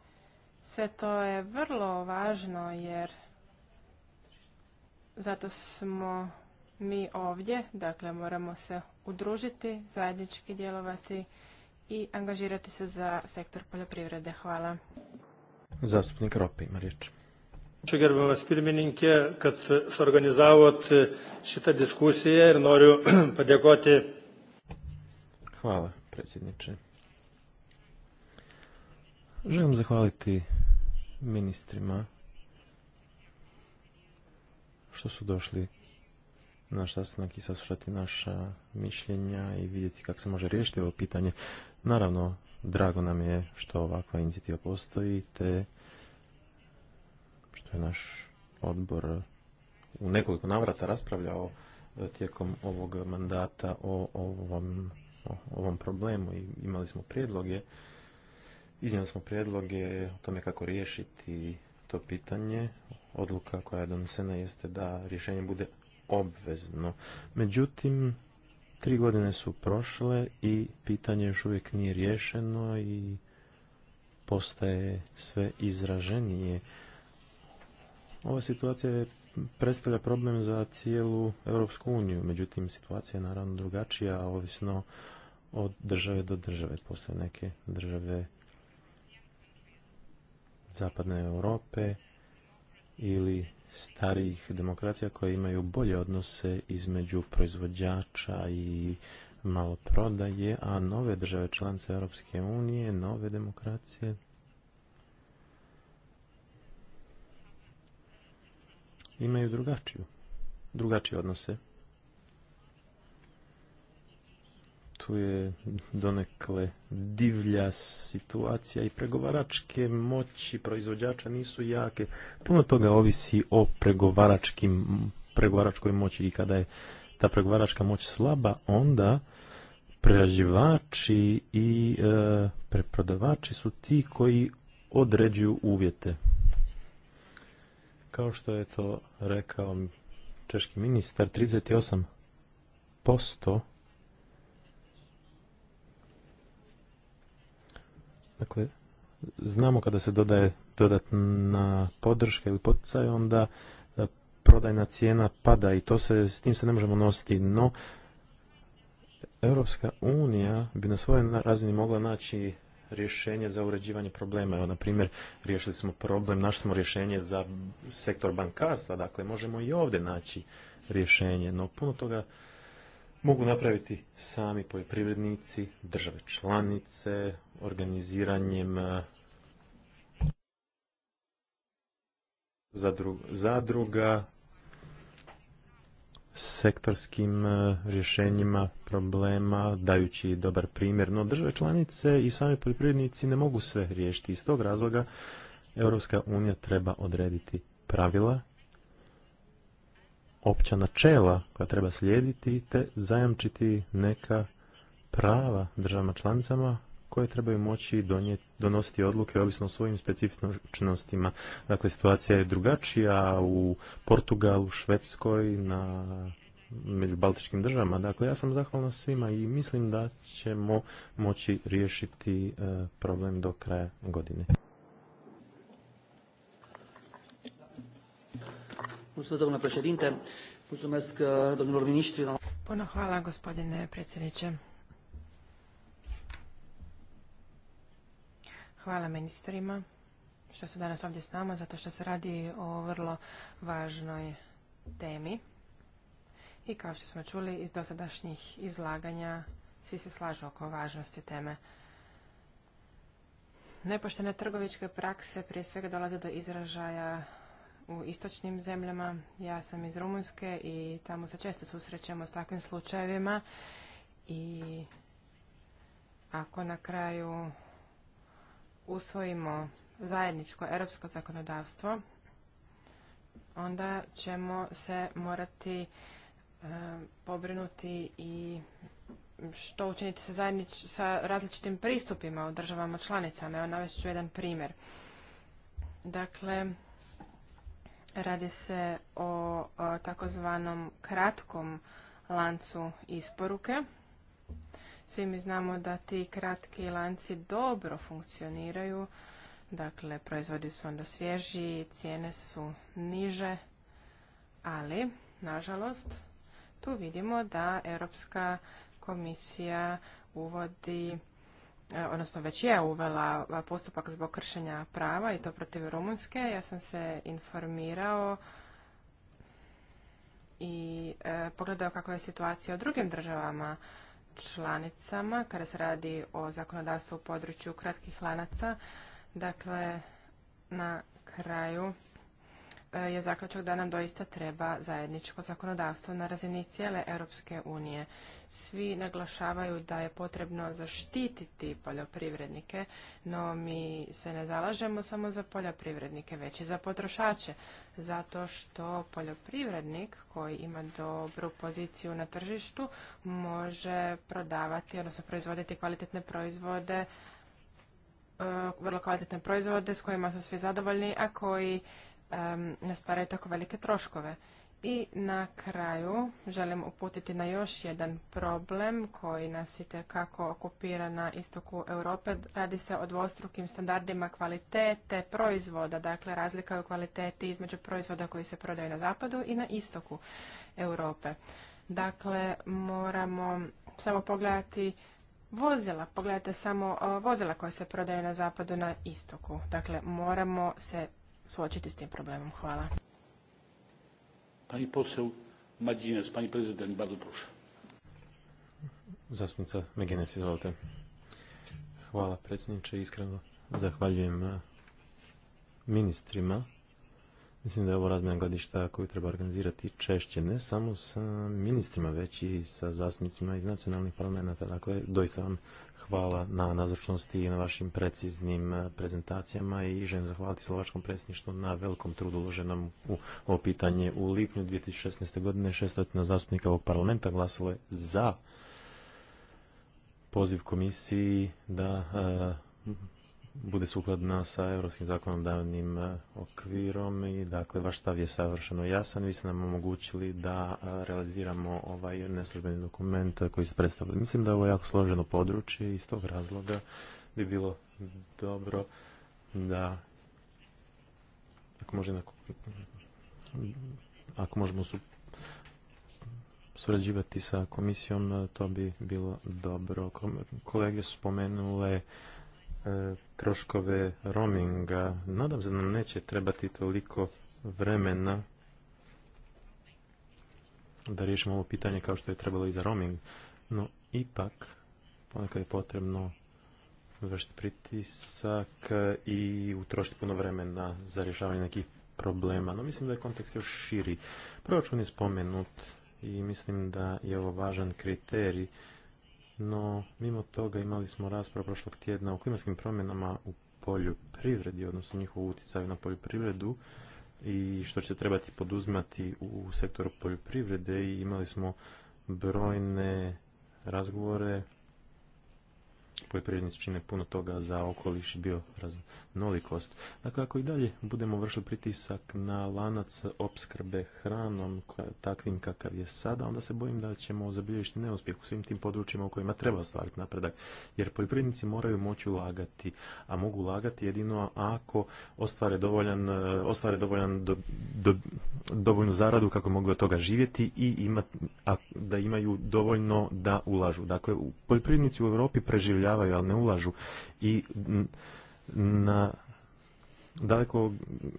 Sve to je vrlo važno jer zato smo mi ovdje, dakle moramo se udružiti, zajednički djelovati i angažirati se za sektor poljoprivrede. Hvala. Zastupnik Rope ima riječ. Ačiū gerbiamas pirmininkė, kad suorganizavot šitą diskusiją ir noriu padėkoti. Hvala, predsjedniče. Želim zahvaliti ministrima što su došli na naš sastanak i saslušati naša mišljenja i vidjeti kako se može riješiti ovo pitanje. Naravno, drago nam je što ovakva inicijativa postoji, te što je naš odbor u nekoliko navrata raspravljao e, tijekom ovog mandata o ovom, o ovom problemu i imali smo prijedloge, iznijeli smo prijedloge o tome kako riješiti to pitanje odluka koja je donesena jeste da rješenje bude obvezno. Međutim, tri godine su prošle i pitanje još uvijek nije rješeno i postaje sve izraženije. Ova situacija predstavlja problem za cijelu Europsku uniju, međutim situacija je naravno drugačija, ovisno od države do države. Postoje neke države zapadne Europe ili starijih demokracija koje imaju bolje odnose između proizvođača i maloprodaje, a nove države članice Europske unije, nove demokracije imaju drugačiju, drugačije odnose tu je donekle divlja situacija i pregovaračke moći proizvođača nisu jake. Puno toga ovisi o pregovaračkim, pregovaračkoj moći i kada je ta pregovaračka moć slaba, onda prerađivači i e, preprodavači su ti koji određuju uvjete. Kao što je to rekao češki ministar, 38% Dakle, znamo kada se dodaje dodatna podrška ili poticaj, onda e, prodajna cijena pada i to se, s tim se ne možemo nositi, no Europska unija bi na svojoj razini mogla naći rješenje za uređivanje problema. Evo, na primjer, riješili smo problem, našli smo rješenje za sektor bankarstva, dakle, možemo i ovdje naći rješenje, no puno toga mogu napraviti sami poljoprivrednici, države članice, organiziranjem e, zadruga, sektorskim e, rješenjima problema, dajući dobar primjer. No države članice i sami poljoprivrednici ne mogu sve riješiti. Iz tog razloga Europska unija treba odrediti pravila opća načela koja treba slijediti te zajamčiti neka prava državama članicama koje trebaju moći donijeti, donositi odluke ovisno o svojim specifičnostima. Dakle, situacija je drugačija u Portugalu, Švedskoj, na među baltičkim državama. Dakle, ja sam zahvalna svima i mislim da ćemo moći riješiti e, problem do kraja godine. Puno uh, hvala, gospodine predsjedniče. Hvala ministrima što su danas ovdje s nama, zato što se radi o vrlo važnoj temi. I kao što smo čuli iz dosadašnjih izlaganja, svi se slažu oko važnosti teme. Nepoštene trgovičke prakse prije svega dolaze do izražaja u istočnim zemljama. Ja sam iz Rumunjske i tamo se često susrećemo s takvim slučajevima i ako na kraju usvojimo zajedničko europsko zakonodavstvo, onda ćemo se morati e, pobrinuti i što učiniti sa, zajednič, sa različitim pristupima u državama članicama. Evo navest ću jedan primjer. Dakle, Radi se o takozvanom kratkom lancu isporuke. Svi mi znamo da ti kratki lanci dobro funkcioniraju, dakle proizvodi su onda svježi, cijene su niže, ali nažalost tu vidimo da Europska komisija uvodi E, odnosno već je uvela postupak zbog kršenja prava i to protiv Rumunjske. Ja sam se informirao i e, pogledao kako je situacija u drugim državama članicama kada se radi o zakonodavstvu u području kratkih lanaca. Dakle, na kraju E, je zaključak da nam doista treba zajedničko zakonodavstvo na razini cijele Europske unije. Svi naglašavaju da je potrebno zaštititi poljoprivrednike, no mi se ne zalažemo samo za poljoprivrednike, već i za potrošače, zato što poljoprivrednik koji ima dobru poziciju na tržištu može prodavati, odnosno proizvoditi kvalitetne proizvode e, vrlo kvalitetne proizvode s kojima su svi zadovoljni, a koji ne stvaraju tako velike troškove. I na kraju želim uputiti na još jedan problem koji nas i kako okupira na istoku Europe. Radi se o dvostrukim standardima kvalitete proizvoda, dakle razlika u kvaliteti između proizvoda koji se prodaju na zapadu i na istoku Europe. Dakle, moramo samo pogledati vozila, pogledajte samo eh, vozila koja se prodaju na zapadu na istoku. Dakle, moramo se suočiti s tim problemom. Hvala. Pani poseł Madines, pani prezident, bardzo proszę. Zastupnica Megines, izvolite. Hvala predsjedniče, iskreno zahvaljujem ministrima Mislim da je ovo razmjena gledišta koju treba organizirati češće, ne samo sa ministrima, već i sa zastupnicima iz nacionalnih parlamenta. Dakle, doista vam hvala na nazočnosti i na vašim preciznim eh, prezentacijama i želim zahvaliti Slovačkom predsjedništvu na velikom trudu uloženom u ovo pitanje. U lipnju 2016. godine šestotina zastupnika ovog parlamenta glasilo je za poziv komisiji da eh, bude sukladna sa europskim zakonodavnim e, okvirom i dakle vaš stav je savršeno jasan. Vi ste nam omogućili da e, realiziramo ovaj neslužbeni dokument koji se predstavili. Mislim da je ovo jako složeno područje i iz tog razloga bi bilo dobro da ako može ako možemo su, surađivati sa komisijom, to bi bilo dobro. Kolege su spomenule e, troškove roaminga. Nadam se da nam neće trebati toliko vremena da riješimo ovo pitanje kao što je trebalo i za roaming. No, ipak, ponekad je potrebno vršiti pritisak i utrošiti puno vremena za rješavanje nekih problema. No, mislim da je kontekst još širi. Proračun je spomenut i mislim da je ovo važan kriterij no mimo toga imali smo raspravu prošlog tjedna o klimatskim promjenama u poljoprivredi, odnosno njihov utjecaju na poljoprivredu i što će trebati poduzimati u sektoru poljoprivrede i imali smo brojne razgovore poljoprivrednici čine puno toga za okoliš i bioraznolikost. Dakle, ako i dalje budemo vršili pritisak na lanac opskrbe hranom takvim kakav je sada, onda se bojim da ćemo zabilježiti neuspjeh u svim tim područjima u kojima treba ostvariti napredak. Jer poljoprivrednici moraju moći ulagati, a mogu ulagati jedino ako ostvare dovoljan, e, ostvare dovoljan dovoljnu zaradu kako mogu od toga živjeti i a, da imaju dovoljno da ulažu. Dakle, poljoprivrednici u Europi preživljaju davaju ali ne ulažu i na daleko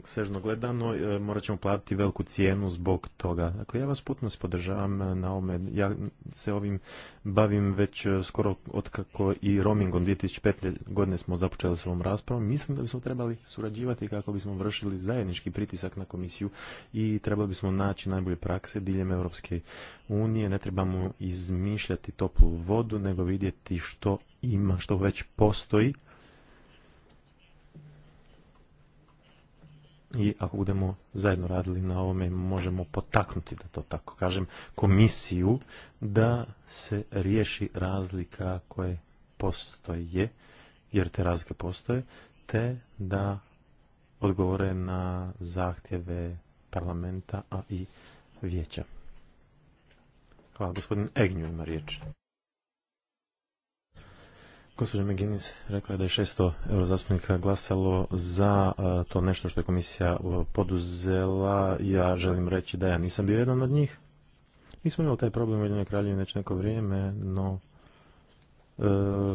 sežno gledano e, morat ćemo platiti veliku cijenu zbog toga. Dakle, ja vas putno podržavam e, na ome. Ja se ovim bavim već e, skoro otkako i roamingom 2005. godine smo započeli s ovom raspravom. Mislim da bismo trebali surađivati kako bismo vršili zajednički pritisak na komisiju i trebali bismo naći najbolje prakse diljem Europske unije. Ne trebamo izmišljati toplu vodu, nego vidjeti što ima, što već postoji i ako budemo zajedno radili na ovome možemo potaknuti da to tako kažem komisiju da se riješi razlika koje postoje jer te razlike postoje te da odgovore na zahtjeve parlamenta a i vijeća. Hvala gospodin Egnju ima riječ. Gospođa McGinnis rekla je da je 600 zastupnika glasalo za to nešto što je komisija poduzela. Ja želim reći da ja nisam bio jedan od njih. Mi smo imali taj problem u jednoj Kraljevi već neko vrijeme, no e,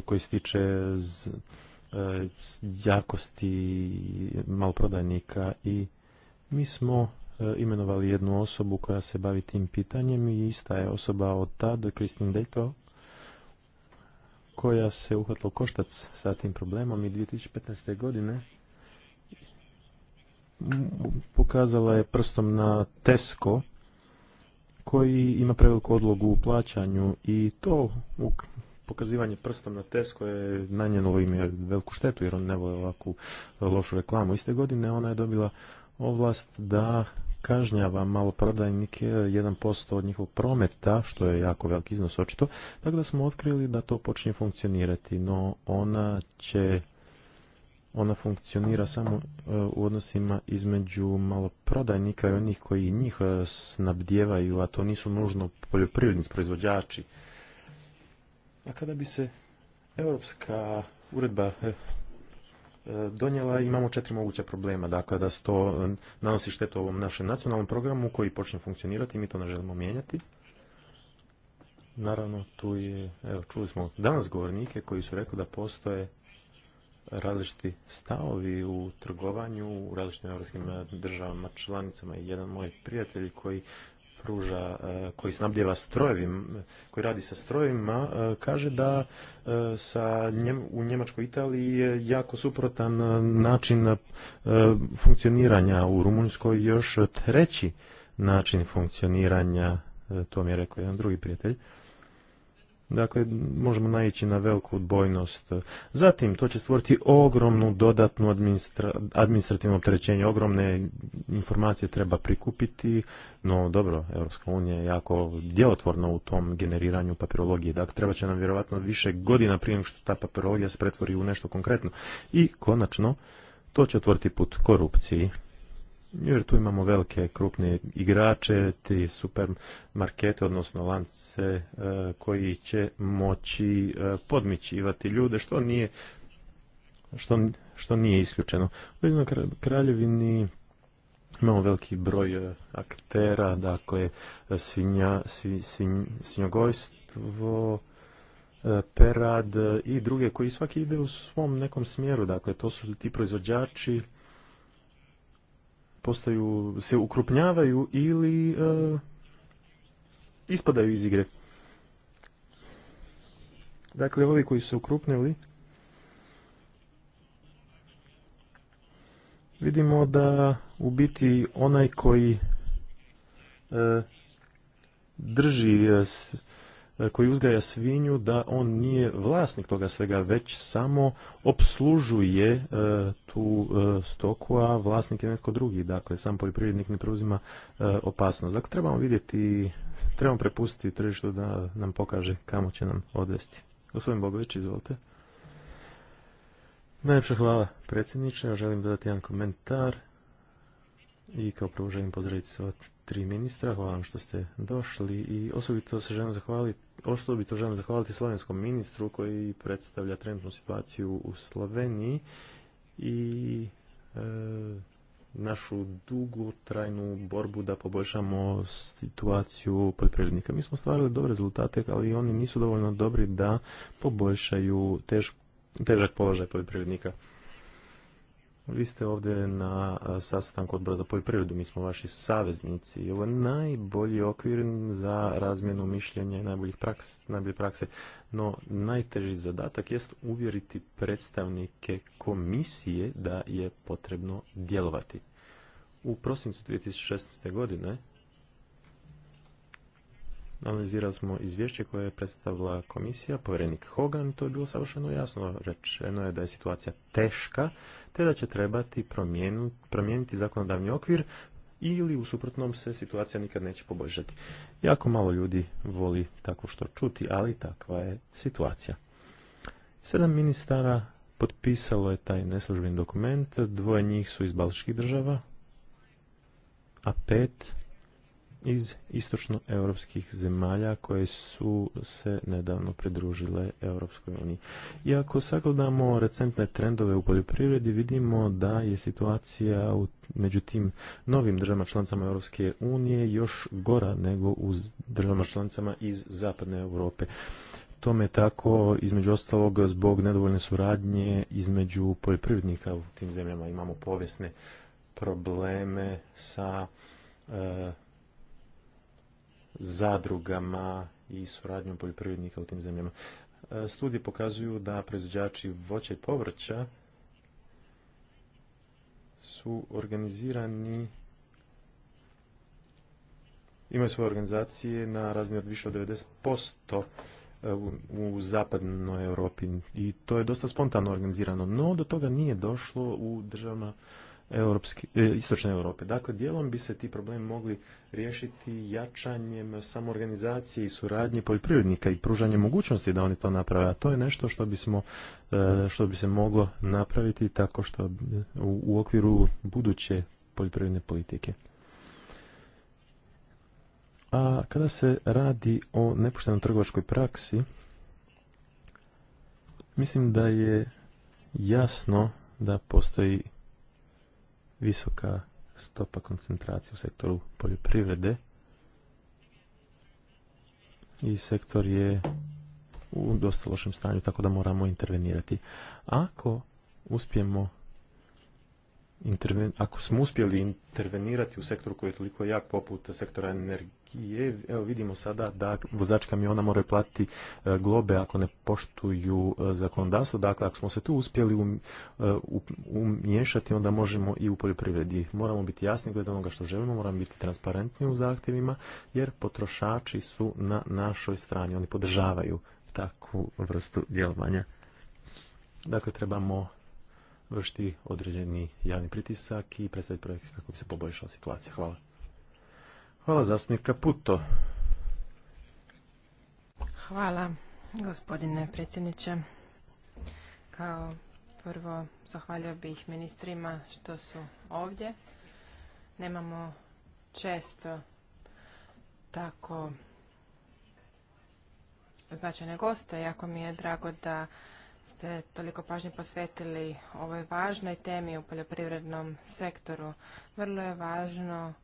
koji se tiče z, e, jakosti maloprodajnika i mi smo e, imenovali jednu osobu koja se bavi tim pitanjem i ista je osoba od tad, Kristin Delto, koja se uhvatila u koštac sa tim problemom i 2015. godine pokazala je prstom na Tesco koji ima preveliku odlogu u plaćanju i to pokazivanje prstom na Tesco je nanijelo im je veliku štetu jer on ne vole ovakvu lošu reklamu. Iste godine ona je dobila ovlast da kažnjava maloprodajnike 1% od njihovog prometa, što je jako veliki iznos očito, tako da smo otkrili da to počinje funkcionirati, no ona će ona funkcionira samo e, u odnosima između maloprodajnika i onih koji njih e, snabdjevaju, a to nisu nužno poljoprivredni proizvođači. A kada bi se europska uredba e, donijela imamo četiri moguća problema. Dakle, da se to e, nanosi štetu ovom našem nacionalnom programu koji počne funkcionirati i mi to ne želimo mijenjati. Naravno, tu je, evo, čuli smo danas govornike koji su rekli da postoje različiti stavovi u trgovanju u različitim europskim e, državama, članicama i jedan moj prijatelj koji pruža, e, koji snabdjeva strojevim, koji radi sa strojevima, e, kaže da e, sa u Njemačkoj Italiji je jako suprotan način funkcioniranja. U Rumunjskoj još treći način funkcioniranja, to mi je rekao jedan drugi prijatelj. Dakle, možemo naići na veliku odbojnost. Zatim, to će stvoriti ogromnu dodatnu administrativno opterećenje. Ogromne informacije treba prikupiti, no dobro, Europska unija je jako djelotvorna u tom generiranju papirologije. Dakle, treba će nam vjerojatno više godina prije nego što ta papirologija se pretvori u nešto konkretno. I konačno, to će otvoriti put korupciji jer tu imamo velike krupne igrače, ti supermarkete, odnosno lance e, koji će moći e, podmićivati ljude, što nije što, što nije isključeno. U jednom kraljevini imamo veliki broj e, aktera, dakle svinja, svi, svinjogojstvo, perad i druge koji svaki ide u svom nekom smjeru, dakle to su ti proizvođači postaju, se ukrupnjavaju ili e, ispadaju iz igre. Dakle, ovi koji su se ukrupnili, vidimo da u biti onaj koji e, drži e, E, koji uzgaja svinju da on nije vlasnik toga svega, već samo obslužuje e, tu e, stoku, a vlasnik je netko drugi. Dakle, sam poljoprivrednik ne preuzima opasnost. Dakle, trebamo vidjeti, trebamo prepustiti tržištu da nam pokaže kamo će nam odvesti. Gospodin Bogović, izvolite. Najljepša hvala predsjedniče, želim dodati jedan komentar i kao prvo želim pozdraviti sva tri ministra, hvala vam što ste došli i osobito se želim zahvaliti ono to želim zahvaliti slovenskom ministru koji predstavlja trenutnu situaciju u Sloveniji i e, našu dugu trajnu borbu da poboljšamo situaciju poljoprivrednika. Mi smo stvarili dobre rezultate, ali oni nisu dovoljno dobri da poboljšaju težak položaj poljoprivrednika. Vi ste ovdje na sastanku odbora za poljoprivredu, mi smo vaši saveznici i ovo je najbolji okvir za razmjenu mišljenja i najboljih najbolje prakse, no najteži zadatak jest uvjeriti predstavnike komisije da je potrebno djelovati. U prosincu 2016. godine analizirali smo izvješće koje je predstavila komisija, povjerenik Hogan, to je bilo savršeno jasno. Rečeno je da je situacija teška, te da će trebati promijeniti zakonodavni okvir ili u suprotnom se situacija nikad neće poboljšati. Jako malo ljudi voli tako što čuti, ali takva je situacija. Sedam ministara potpisalo je taj neslužbeni dokument, dvoje njih su iz baltičkih država, a pet iz istočnoeuropskih zemalja koje su se nedavno pridružile Europskoj uniji. I ako sagledamo recentne trendove u poljoprivredi, vidimo da je situacija u, među tim novim državama članicama Europske unije još gora nego u državama članicama iz zapadne Europe. Tome tako, između ostalog, zbog nedovoljne suradnje između poljoprivrednika u tim zemljama imamo povijesne probleme sa e, zadrugama i suradnjom poljoprivrednika u tim zemljama. E, studije pokazuju da proizvođači voća i povrća su organizirani imaju svoje organizacije na razini od više od 90% e, u zapadnoj Europi i to je dosta spontano organizirano, no do toga nije došlo u državama Europski, e, istočne Europe. Dakle, dijelom bi se ti problemi mogli riješiti jačanjem samoorganizacije i suradnje poljoprivrednika i pružanjem mogućnosti da oni to naprave. A to je nešto što, bismo, e, što bi se moglo napraviti tako što e, u okviru buduće poljoprivredne politike. A kada se radi o nepoštenoj trgovačkoj praksi, mislim da je jasno da postoji visoka stopa koncentracije u sektoru poljoprivrede i sektor je u dosta lošem stanju, tako da moramo intervenirati. Ako uspijemo interven, ako smo uspjeli intervenirati u sektoru koji je toliko jak poput sektora energije, evo vidimo sada da vozač kamiona moraju platiti e, globe ako ne poštuju e, zakonodavstvo. Dakle, ako smo se tu uspjeli um, e, umiješati, onda možemo i u poljoprivredi. Moramo biti jasni glede onoga što želimo, moramo biti transparentni u zahtjevima, jer potrošači su na našoj strani. Oni podržavaju takvu vrstu djelovanja. Dakle, trebamo vršiti određeni javni pritisak i predstaviti projekt kako bi se poboljšala situacija. Hvala. Hvala zastupnik Kaputo. Hvala gospodine predsjedniče. Kao prvo zahvalio bih ministrima što su ovdje. Nemamo često tako značajne goste. Jako mi je drago da ste toliko pažnje posvetili ovoj važnoj temi u poljoprivrednom sektoru. Vrlo je važno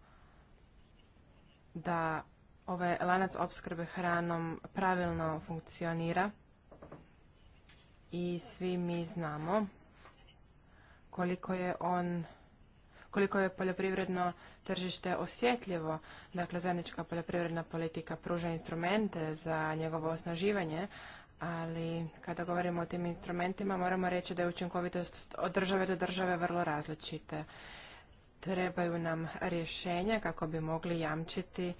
da ovaj lanac opskrbe hranom pravilno funkcionira i svi mi znamo koliko je on koliko je poljoprivredno tržište osjetljivo, dakle zajednička poljoprivredna politika pruža instrumente za njegovo osnaživanje, ali kada govorimo o tim instrumentima moramo reći da je učinkovitost od države do države vrlo različita. Trebaju nam rješenja kako bi mogli jamčiti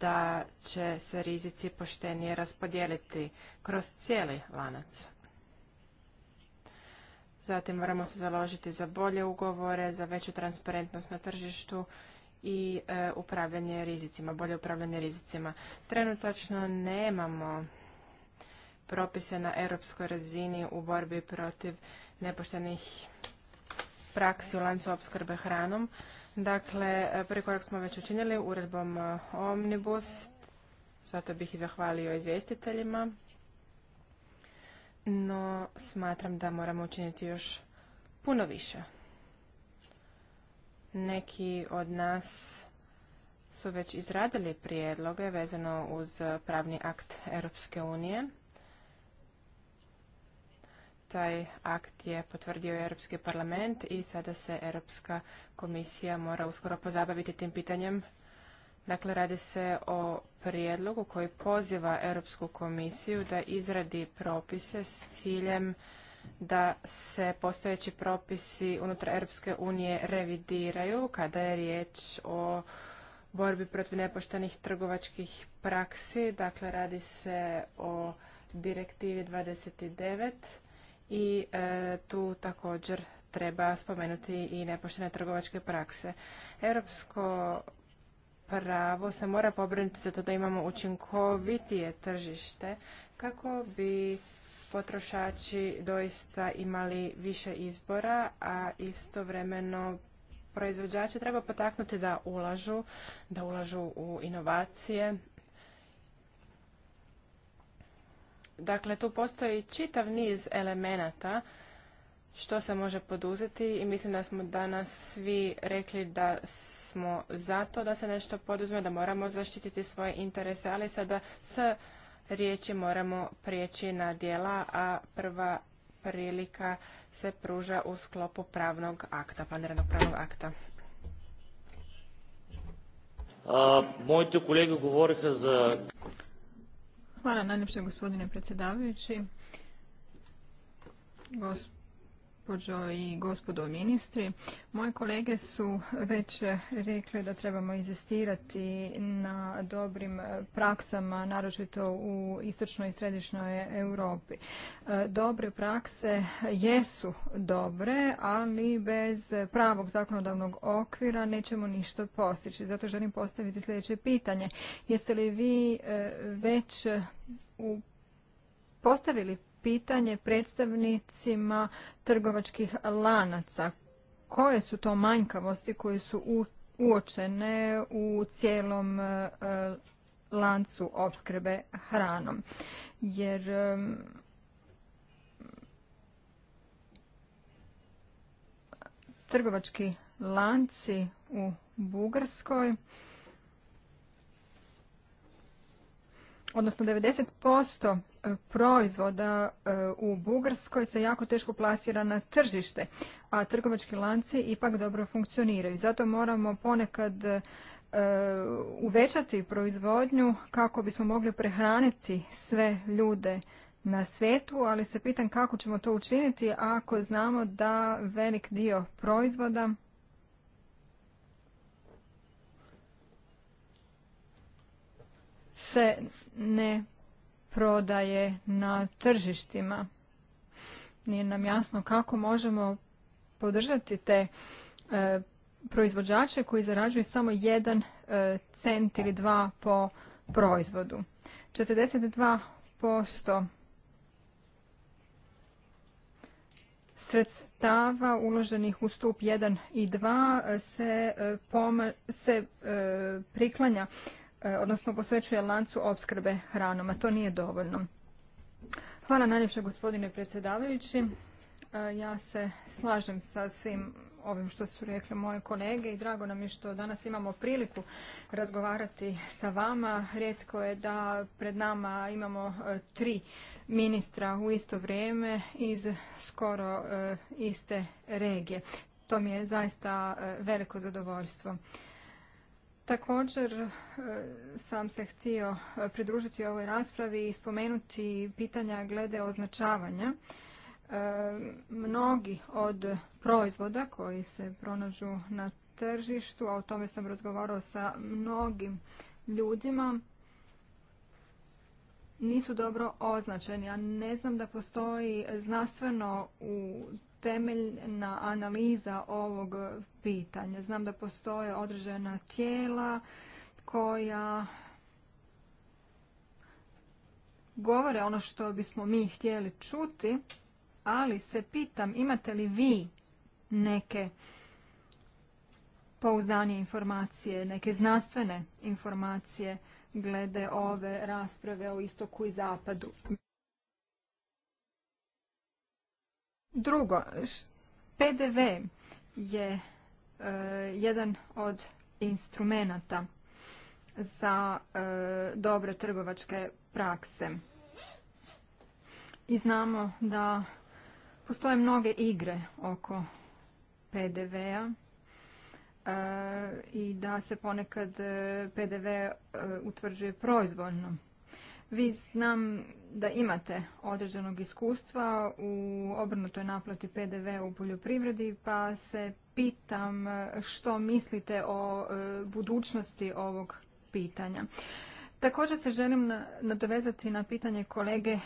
da će se rizici poštenije raspodijeliti kroz cijeli lanac. Zatim moramo se založiti za bolje ugovore, za veću transparentnost na tržištu i e, upravljanje rizicima, bolje upravljanje rizicima. Trenutačno nemamo propise na europskoj razini u borbi protiv nepoštenih praksi u lancu opskrbe hranom. Dakle, prvi korak smo već učinili uredbom eh, Omnibus, zato bih i zahvalio izvjestiteljima. No, smatram da moramo učiniti još puno više. Neki od nas su već izradili prijedloge vezano uz pravni akt Europske unije. Taj akt je potvrdio Europski parlament i sada se Europska komisija mora uskoro pozabaviti tim pitanjem. Dakle, radi se o prijedlogu koji poziva Europsku komisiju da izradi propise s ciljem da se postojeći propisi unutar Europske unije revidiraju kada je riječ o borbi protiv nepoštenih trgovačkih praksi. Dakle, radi se o direktivi 29 i e, tu također treba spomenuti i nepoštene trgovačke prakse. Europsko pravo se mora pobrinuti za to da imamo učinkovitije tržište kako bi potrošači doista imali više izbora, a istovremeno proizvođače treba potaknuti da ulažu, da ulažu u inovacije Dakle, tu postoji čitav niz elemenata što se može poduzeti i mislim da smo danas svi rekli da smo za to da se nešto poduzme, da moramo zaštititi svoje interese, ali sada s riječi moramo prijeći na dijela, a prva prilika se pruža u sklopu pravnog akta, planiranog pravnog akta. A, moji kolege za... Hvala najljepše gospodine predsjedavajući. Gosp gospođo i gospodo ministri. Moje kolege su već rekli da trebamo izistirati na dobrim praksama, naročito u istočnoj i središnjoj Europi. E, dobre prakse jesu dobre, ali bez pravog zakonodavnog okvira nećemo ništa postići. Zato želim postaviti sljedeće pitanje. Jeste li vi e, već u postavili pitanje predstavnicima trgovačkih lanaca. Koje su to manjkavosti koje su uočene u cijelom e, lancu opskrbe hranom? Jer trgovački lanci u Bugarskoj odnosno 90% E, proizvoda e, u Bugarskoj se jako teško plasira na tržište, a trgovački lanci ipak dobro funkcioniraju. Zato moramo ponekad e, uvećati proizvodnju kako bismo mogli prehraniti sve ljude na svijetu, ali se pitam kako ćemo to učiniti ako znamo da velik dio proizvoda se ne prodaje na tržištima. Nije nam jasno kako možemo podržati te e, proizvođače koji zarađuju samo jedan e, cent ili dva po proizvodu. 42% sredstava uloženih u stup 1 i 2 se, e, se e, priklanja E, odnosno posvećuje lancu opskrbe hranom, a to nije dovoljno. Hvala najljepše gospodine predsjedavajući. E, ja se slažem sa svim ovim što su rekli moje kolege i drago nam je što danas imamo priliku razgovarati sa vama. Rijetko je da pred nama imamo e, tri ministra u isto vrijeme iz skoro iste regije. To mi je zaista veliko zadovoljstvo. Također e, sam se htio e, pridružiti ovoj raspravi i spomenuti pitanja glede označavanja. E, mnogi od proizvoda koji se pronađu na tržištu, a o tome sam razgovarao sa mnogim ljudima, nisu dobro označeni, ja ne znam da postoji znanstveno u temeljna analiza ovog pitanja. Znam da postoje određena tijela koja govore ono što bismo mi htjeli čuti, ali se pitam imate li vi neke pouzdanje informacije, neke znanstvene informacije glede ove rasprave o istoku i zapadu. Drugo, PDV je e, jedan od instrumenata za e, dobre trgovačke prakse. I znamo da postoje mnoge igre oko PDV-a e, i da se ponekad PDV utvrđuje proizvoljno. Vi znam da imate određenog iskustva u obrnutoj naplati PDV u poljoprivredi, pa se pitam e, što mislite o e, budućnosti ovog pitanja. Također se želim nadovezati na pitanje kolege e,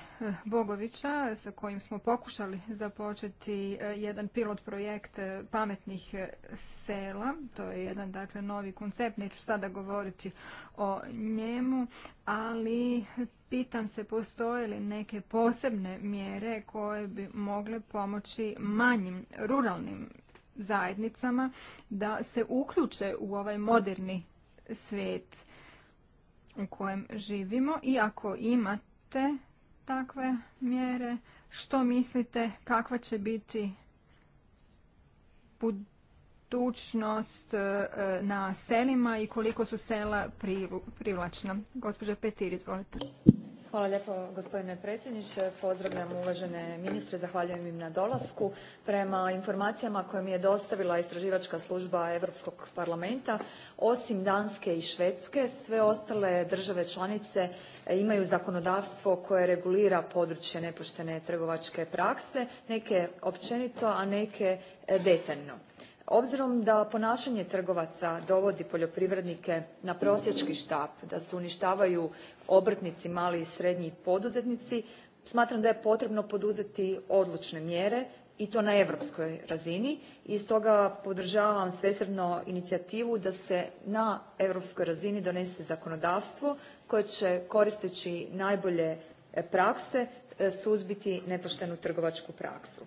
Bogovića sa kojim smo pokušali započeti jedan pilot projekt pametnih sela. To je jedan dakle novi koncept, neću sada govoriti o njemu, ali Pitam se postoje li neke posebne mjere koje bi mogle pomoći manjim ruralnim zajednicama da se uključe u ovaj moderni svijet u kojem živimo i ako imate takve mjere, što mislite kakva će biti budućnost e, na selima i koliko su sela privlačna. Gospođa Petir, izvolite. Hvala lijepo gospodine predsjedniče. Pozdravljam uvažene ministre, zahvaljujem im na dolasku. Prema informacijama koje mi je dostavila istraživačka služba Europskog parlamenta, osim Danske i Švedske, sve ostale države članice e, imaju zakonodavstvo koje regulira područje nepoštene trgovačke prakse, neke općenito, a neke e, detaljno obzirom da ponašanje trgovaca dovodi poljoprivrednike na prosjački štap da se uništavaju obrtnici mali i srednji poduzetnici smatram da je potrebno poduzeti odlučne mjere i to na europskoj razini i stoga podržavam svesrdno inicijativu da se na europskoj razini donese zakonodavstvo koje će koristeći najbolje prakse e, suzbiti nepoštenu trgovačku praksu.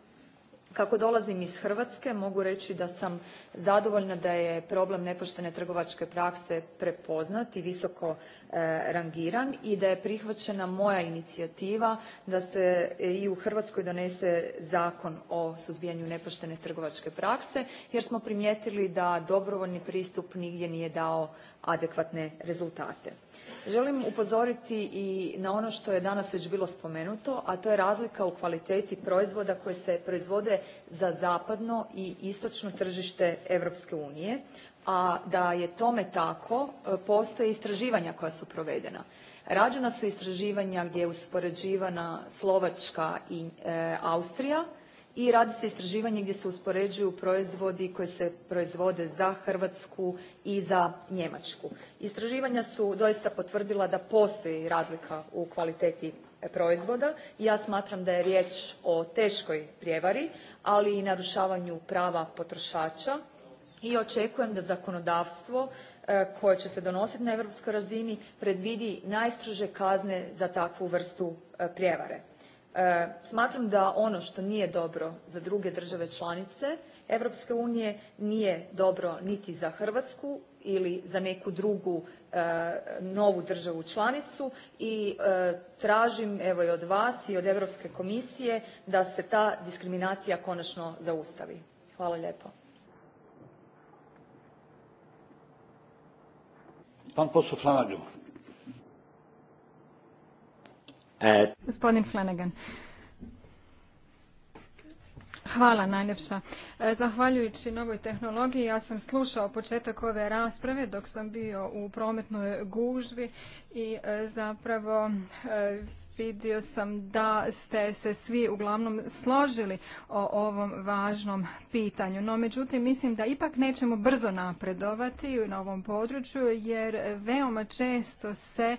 Kako dolazim iz Hrvatske mogu reći da sam zadovoljna da je problem nepoštene trgovačke prakse prepoznat i visoko e, rangiran i da je prihvaćena moja inicijativa da se i u Hrvatskoj donese Zakon o suzbijanju nepoštene trgovačke prakse jer smo primijetili da dobrovoljni pristup nigdje nije dao adekvatne rezultate. Želim upozoriti i na ono što je danas već bilo spomenuto, a to je razlika u kvaliteti proizvoda koji se proizvode za zapadno i istočno tržište Europske unije, a da je tome tako postoje istraživanja koja su provedena. Rađena su istraživanja gdje je uspoređivana Slovačka i e, Austrija i radi se istraživanje gdje se uspoređuju proizvodi koji se proizvode za hrvatsku i za njemačku. istraživanja su doista potvrdila da postoji razlika u kvaliteti proizvoda i ja smatram da je riječ o teškoj prijevari ali i narušavanju prava potrošača i očekujem da zakonodavstvo e, koje će se donositi na europskoj razini predvidi najstrože kazne za takvu vrstu e, prijevare. E, smatram da ono što nije dobro za druge države članice europske unije nije dobro niti za hrvatsku ili za neku drugu e, novu državu članicu i e, tražim evo i od vas i od europske komisije da se ta diskriminacija konačno zaustavi. hvala lijepo. Gospodin Flanagan. Hvala najljepša. E, zahvaljujući novoj tehnologiji ja sam slušao početak ove rasprave dok sam bio u prometnoj gužvi i e, zapravo e, vidio sam da ste se svi uglavnom složili o ovom važnom pitanju. No, međutim, mislim da ipak nećemo brzo napredovati na ovom području, jer veoma često se e,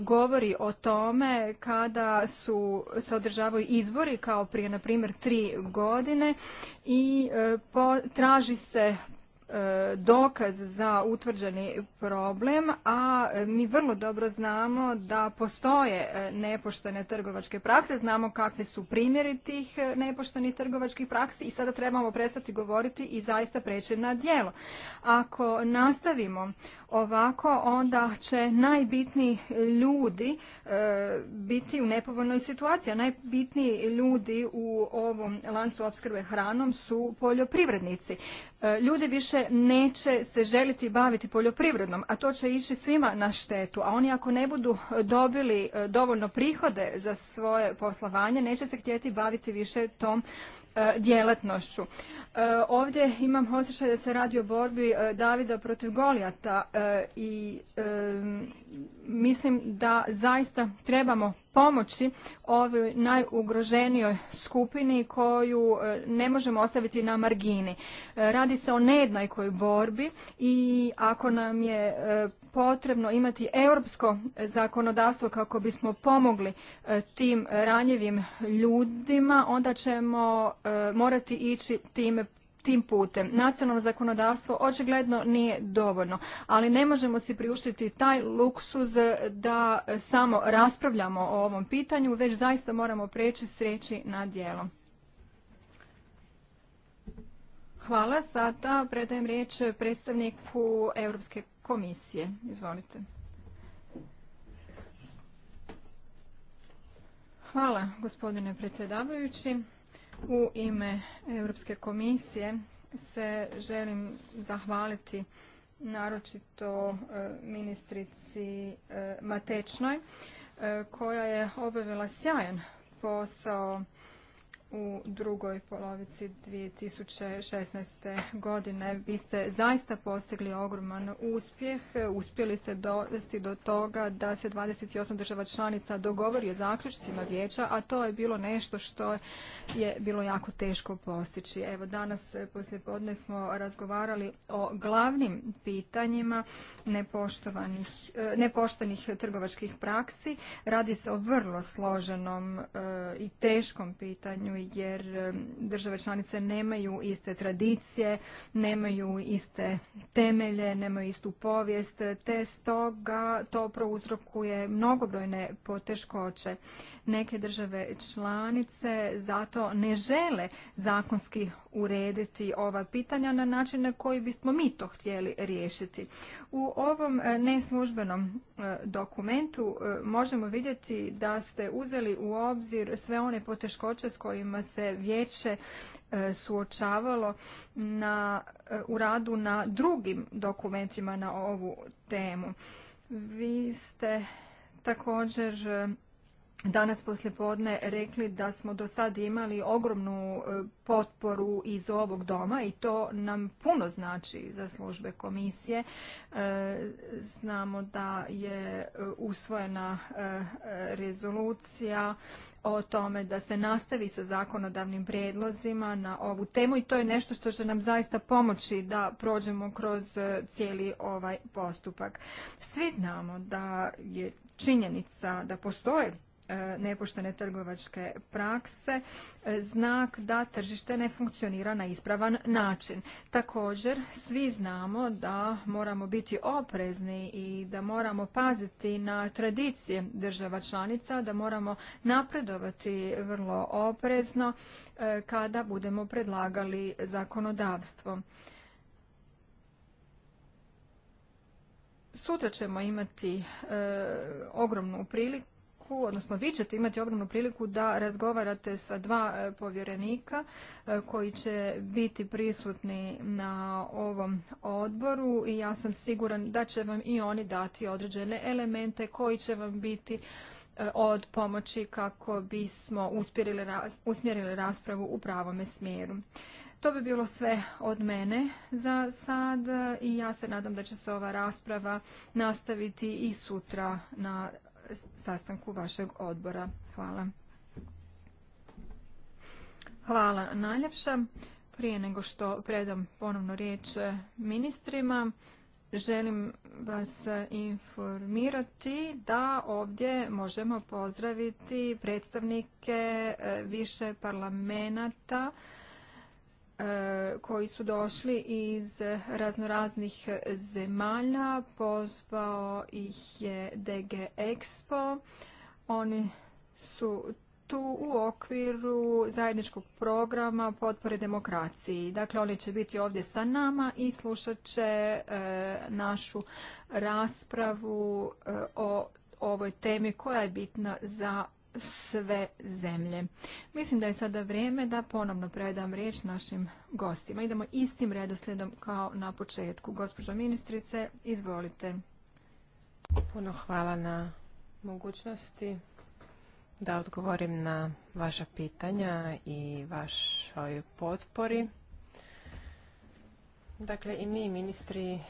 govori o tome kada su, se održavaju izbori, kao prije, na primjer, tri godine i e, traži se E, dokaz za utvrđeni problem, a mi vrlo dobro znamo da postoje e, nepoštene trgovačke prakse, znamo kakvi su primjeri tih e, nepoštenih trgovačkih praksi i sada trebamo prestati govoriti i zaista preći na djelo. Ako nastavimo ovako onda će najbitniji ljudi e, biti u nepovoljnoj situaciji. A najbitniji ljudi u ovom lancu opskrbe hranom su poljoprivrednici. E, ljudi više neće se želiti baviti poljoprivrednom, a to će ići svima na štetu. A oni ako ne budu dobili e, dovoljno prihode za svoje poslovanje, neće se htjeti baviti više tom djelatnošću. E, ovdje imam osjećaj da se radi o borbi e, Davida protiv Golijata e, i mislim da zaista trebamo pomoći ovoj najugroženijoj skupini koju ne možemo ostaviti na margini. Radi se o nejednakoj borbi i ako nam je potrebno imati europsko zakonodavstvo kako bismo pomogli tim ranjevim ljudima, onda ćemo morati ići time tim putem. Nacionalno zakonodavstvo očigledno nije dovoljno, ali ne možemo si priuštiti taj luksuz da samo raspravljamo o ovom pitanju, već zaista moramo preći sreći na djelo. Hvala. Sada predajem riječ predstavniku Europske komisije. Izvolite. Hvala, gospodine predsjedavajući. U ime Europske komisije se želim zahvaliti naročito e, ministrici e, Matečnoj e, koja je obavila sjajan posao u drugoj polovici 2016. godine. Vi ste zaista postigli ogroman uspjeh. Uspjeli ste dovesti do toga da se 28 država članica dogovori o zaključcima vijeća, a to je bilo nešto što je bilo jako teško postići. Evo danas eh, poslijepodne smo razgovarali o glavnim pitanjima nepoštovanih, eh, nepoštenih trgovačkih praksi. Radi se o vrlo složenom eh, i teškom pitanju jer države članice nemaju iste tradicije, nemaju iste temelje, nemaju istu povijest, te stoga to prouzrokuje mnogobrojne poteškoće. Neke države članice zato ne žele zakonski urediti ova pitanja na način na koji bismo mi to htjeli riješiti. U ovom e, neslužbenom e, dokumentu e, možemo vidjeti da ste uzeli u obzir sve one poteškoće s kojima se vijeće suočavalo na, u radu na drugim dokumentima na ovu temu. Vi ste također danas poslijepodne rekli da smo do sad imali ogromnu e, potporu iz ovog doma i to nam puno znači za službe komisije. E, znamo da je e, usvojena rezolucija o tome da se nastavi sa zakonodavnim prijedlozima na ovu temu i to je nešto što će nam zaista pomoći da prođemo kroz cijeli ovaj postupak. Svi znamo da je činjenica da postoje E, nepoštene trgovačke prakse e, znak da tržište ne funkcionira na ispravan način. Također, svi znamo da moramo biti oprezni i da moramo paziti na tradicije država članica, da moramo napredovati vrlo oprezno e, kada budemo predlagali zakonodavstvo. Sutra ćemo imati ogromnu priliku priliku, odnosno vi ćete imati ogromnu priliku da razgovarate sa dva e, povjerenika e, koji će biti prisutni na ovom odboru i ja sam siguran da će vam i oni dati određene elemente koji će vam biti e, od pomoći kako bismo usmjerili raspravu u pravome smjeru. To bi bilo sve od mene za sad i ja se nadam da će se ova rasprava nastaviti i sutra na sastanku vašeg odbora. Hvala. Hvala najljepša. Prije nego što predam ponovno riječ ministrima, želim vas informirati da ovdje možemo pozdraviti predstavnike eh, više parlamenta E, koji su došli iz raznoraznih zemalja. Pozvao ih je DG Expo. Oni su tu u okviru zajedničkog programa potpore demokraciji. Dakle, oni će biti ovdje sa nama i slušat će e, našu raspravu e, o ovoj temi koja je bitna za sve zemlje. Mislim da je sada vrijeme da ponovno predam riječ našim gostima. Idemo istim redoslijedom kao na početku. Gospođo ministrice, izvolite. Puno hvala na mogućnosti da odgovorim na vaša pitanja i vašoj potpori. Dakle, i mi, ministri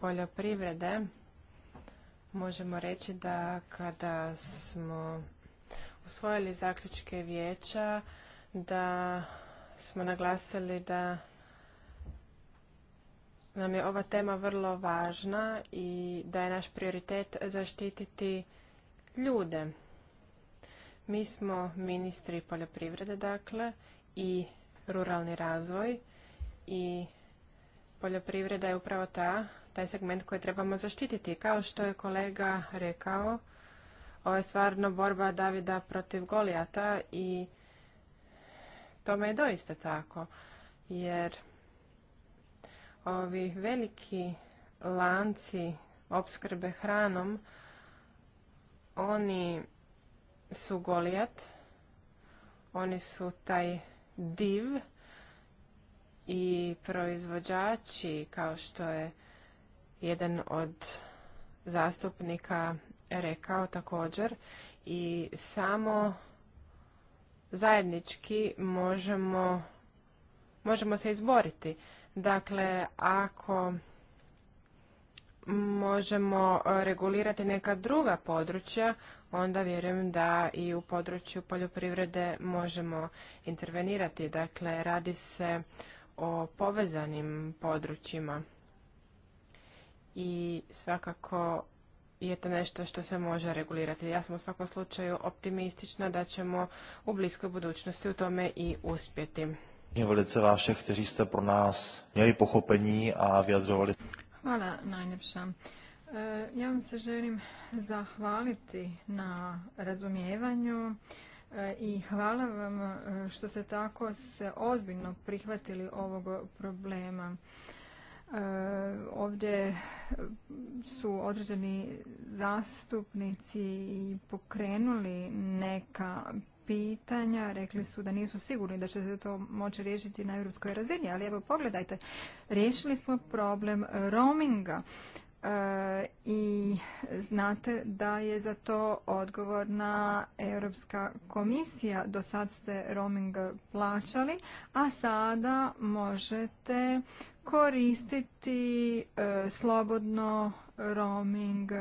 poljoprivrede, možemo reći da kada smo usvojili zaključke vijeća da smo naglasili da nam je ova tema vrlo važna i da je naš prioritet zaštititi ljude. Mi smo ministri poljoprivrede, dakle, i ruralni razvoj i poljoprivreda je upravo ta, taj segment koji trebamo zaštititi. Kao što je kolega rekao, ovo je stvarno borba Davida protiv Golijata i tome je doista tako. Jer ovi veliki lanci opskrbe hranom, oni su Golijat, oni su taj div i proizvođači kao što je jedan od zastupnika rekao također i samo zajednički možemo, možemo se izboriti. Dakle, ako možemo regulirati neka druga područja, onda vjerujem da i u području poljoprivrede možemo intervenirati. Dakle, radi se o povezanim područjima i svakako je to nešto što se može regulirati. Ja sam u svakom slučaju optimistična da ćemo u bliskoj budućnosti u tome i uspjeti. Velice kteří pro nas a Hvala najljepša. E, ja vam se želim zahvaliti na razumijevanju e, i hvala vam e, što ste tako se ozbiljno prihvatili ovog problema. E, ovdje su određeni zastupnici pokrenuli neka pitanja, rekli su da nisu sigurni da će se to moći riješiti na europskoj razini, ali evo pogledajte, riješili smo problem roaminga E, i znate da je za to odgovorna Europska komisija. Do sad ste roaming plaćali, a sada možete koristiti e, slobodno roaming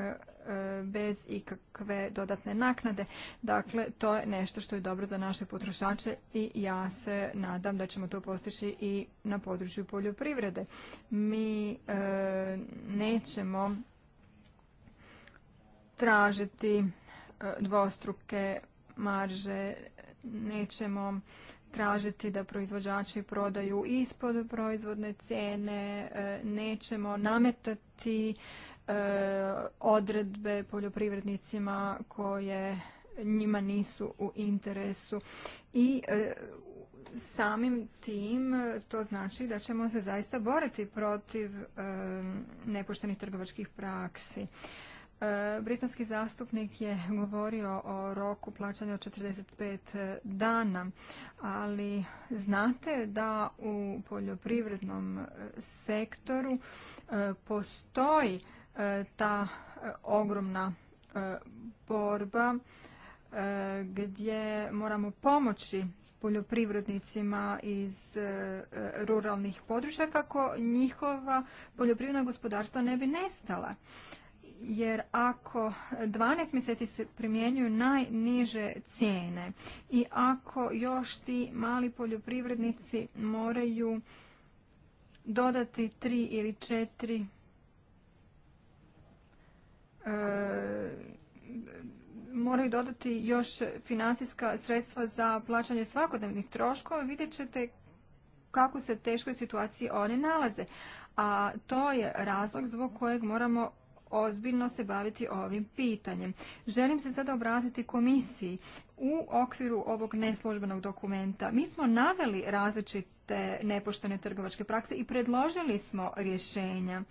E, bez ikakve dodatne naknade. Dakle, to je nešto što je dobro za naše potrošače i ja se nadam da ćemo to postići i na području poljoprivrede. Mi e, nećemo tražiti e, dvostruke marže, nećemo tražiti da proizvođači prodaju ispod proizvodne cijene, nećemo nametati E, odredbe poljoprivrednicima koje njima nisu u interesu i e, samim tim to znači da ćemo se zaista boriti protiv e, nepoštenih trgovačkih praksi. Britanski zastupnik je govorio o roku plaćanja od 45 dana, ali znate da u poljoprivrednom sektoru postoji ta e, ogromna e, borba e, gdje moramo pomoći poljoprivrednicima iz ruralnih područja kako njihova poljoprivredna gospodarstva ne bi nestala. Jer ako 12 mjeseci se primjenjuju najniže cijene i ako još ti mali poljoprivrednici moraju dodati 3 ili 4 E, moraju dodati još financijska sredstva za plaćanje svakodnevnih troškova, vidjet ćete kako se teškoj situaciji oni nalaze. A to je razlog zbog kojeg moramo ozbiljno se baviti ovim pitanjem. Želim se sada obraziti komisiji u okviru ovog neslužbenog dokumenta. Mi smo naveli različite nepoštene trgovačke prakse i predložili smo rješenja.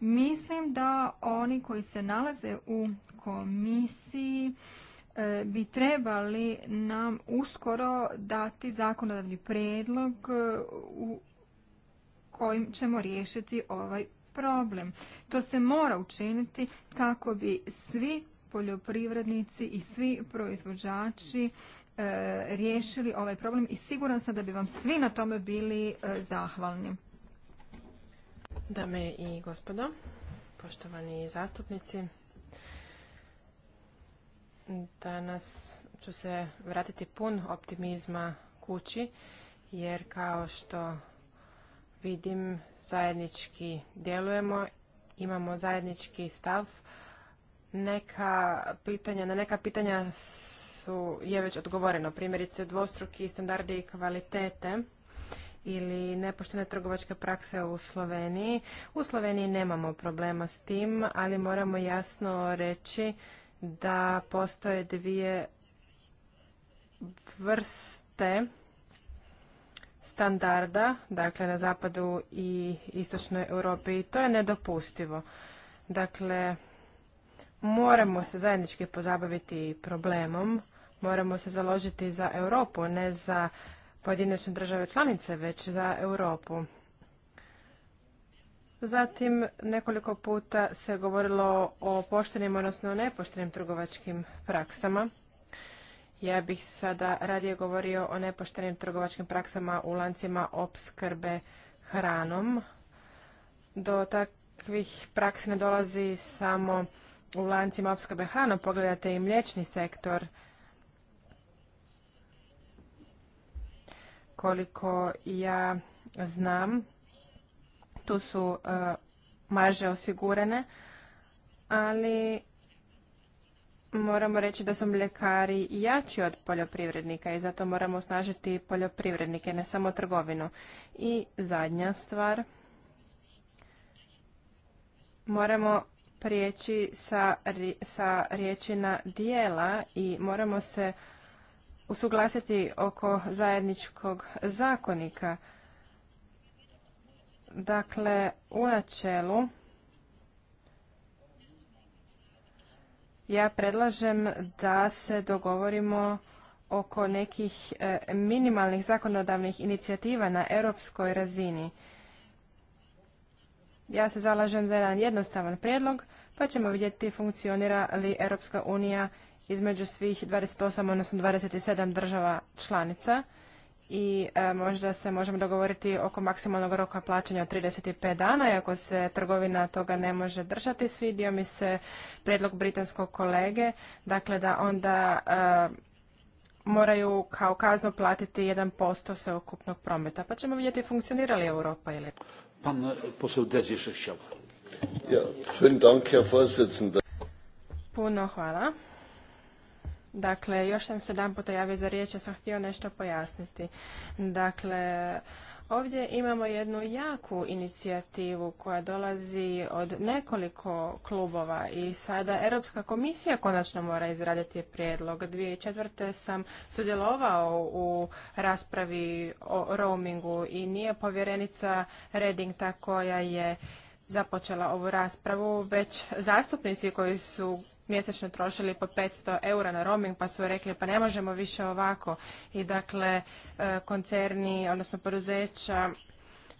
Mislim da oni koji se nalaze u komisiji e, bi trebali nam uskoro dati zakonodavni predlog e, u kojim ćemo riješiti ovaj problem. To se mora učiniti kako bi svi poljoprivrednici i svi proizvođači e, riješili ovaj problem i siguran sam da bi vam svi na tome bili zahvalni. Dame i gospodo, poštovani zastupnici, danas ću se vratiti pun optimizma kući, jer kao što vidim zajednički djelujemo, imamo zajednički stav. Neka pitanja, na neka pitanja su, je već odgovoreno, primjerice dvostruki standardi i kvalitete ili nepoštene trgovačke prakse u Sloveniji. U Sloveniji nemamo problema s tim, ali moramo jasno reći da postoje dvije vrste standarda, dakle na zapadu i istočnoj Europi i to je nedopustivo. Dakle, moramo se zajednički pozabaviti problemom, moramo se založiti za Europu, ne za pojedinačne države članice, već za Europu. Zatim nekoliko puta se govorilo o poštenim, odnosno nepoštenim trgovačkim praksama. Ja bih sada radije govorio o nepoštenim trgovačkim praksama u lancima opskrbe hranom. Do takvih praksi ne dolazi samo u lancima opskrbe hranom. Pogledajte i mliječni sektor Koliko ja znam, tu su e, marže osigurane, ali moramo reći da su mljekari jači od poljoprivrednika i zato moramo snažiti poljoprivrednike, ne samo trgovinu. I zadnja stvar, moramo prijeći sa, sa riječi na dijela i moramo se usuglasiti oko zajedničkog zakonika. Dakle, u načelu ja predlažem da se dogovorimo oko nekih e, minimalnih zakonodavnih inicijativa na europskoj razini. Ja se zalažem za jedan jednostavan prijedlog, pa ćemo vidjeti funkcionira li Europska unija između svih 28, odnosno 27 država članica i e, možda se možemo dogovoriti oko maksimalnog roka plaćanja od 35 dana, ako se trgovina toga ne može držati. Svidio mi se predlog britanskog kolege, dakle da onda e, moraju kao kaznu platiti 1% sveukupnog prometa. Pa ćemo vidjeti funkcionira li Europa ili... Pan e, Puno hvala. Dakle, još sam se dan puta javio za riječ, ja sam htio nešto pojasniti. Dakle, ovdje imamo jednu jaku inicijativu koja dolazi od nekoliko klubova i sada Europska komisija konačno mora izraditi prijedlog. 2004. sam sudjelovao u raspravi o roamingu i nije povjerenica Reding ta koja je započela ovu raspravu, već zastupnici koji su mjesečno trošili po 500 eura na roaming pa su rekli pa ne možemo više ovako i dakle e, koncerni odnosno poduzeća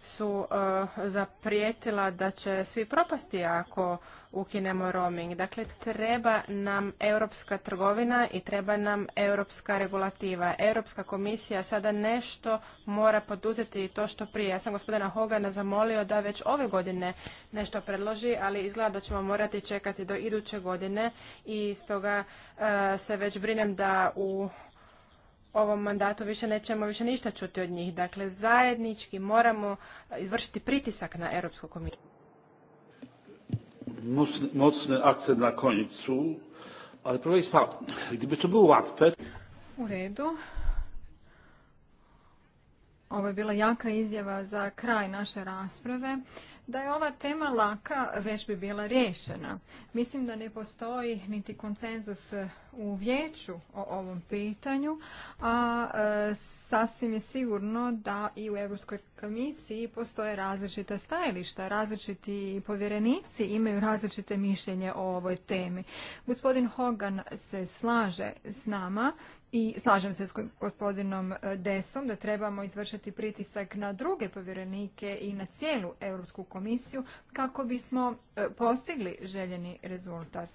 su eh, zaprijetila da će svi propasti ako ukinemo roaming. Dakle, treba nam europska trgovina i treba nam europska regulativa. Europska komisija sada nešto mora poduzeti to što prije. Ja sam gospodina Hogana zamolio da već ove godine nešto predloži, ali izgleda da ćemo morati čekati do iduće godine i stoga eh, se već brinem da u ovom mandatu više nećemo više ništa čuti od njih. Dakle, zajednički moramo izvršiti pritisak na Europsku komisiju. Mocny akcent na ale proszę gdyby to było łatwe... U redu. Ovo je bila jaka izjava za kraj naše rasprave. Da je ova tema laka, već bi bila riješena. Mislim da ne postoji niti konsenzus u vijeću o ovom pitanju, a e, sasvim je sigurno da i u Europskoj komisiji postoje različita stajališta, različiti povjerenici imaju različite mišljenje o ovoj temi. Gospodin Hogan se slaže s nama i slažem se s gospodinom e, Desom da trebamo izvršiti pritisak na druge povjerenike i na cijelu Europsku komisiju kako bismo e, postigli željeni rezultat.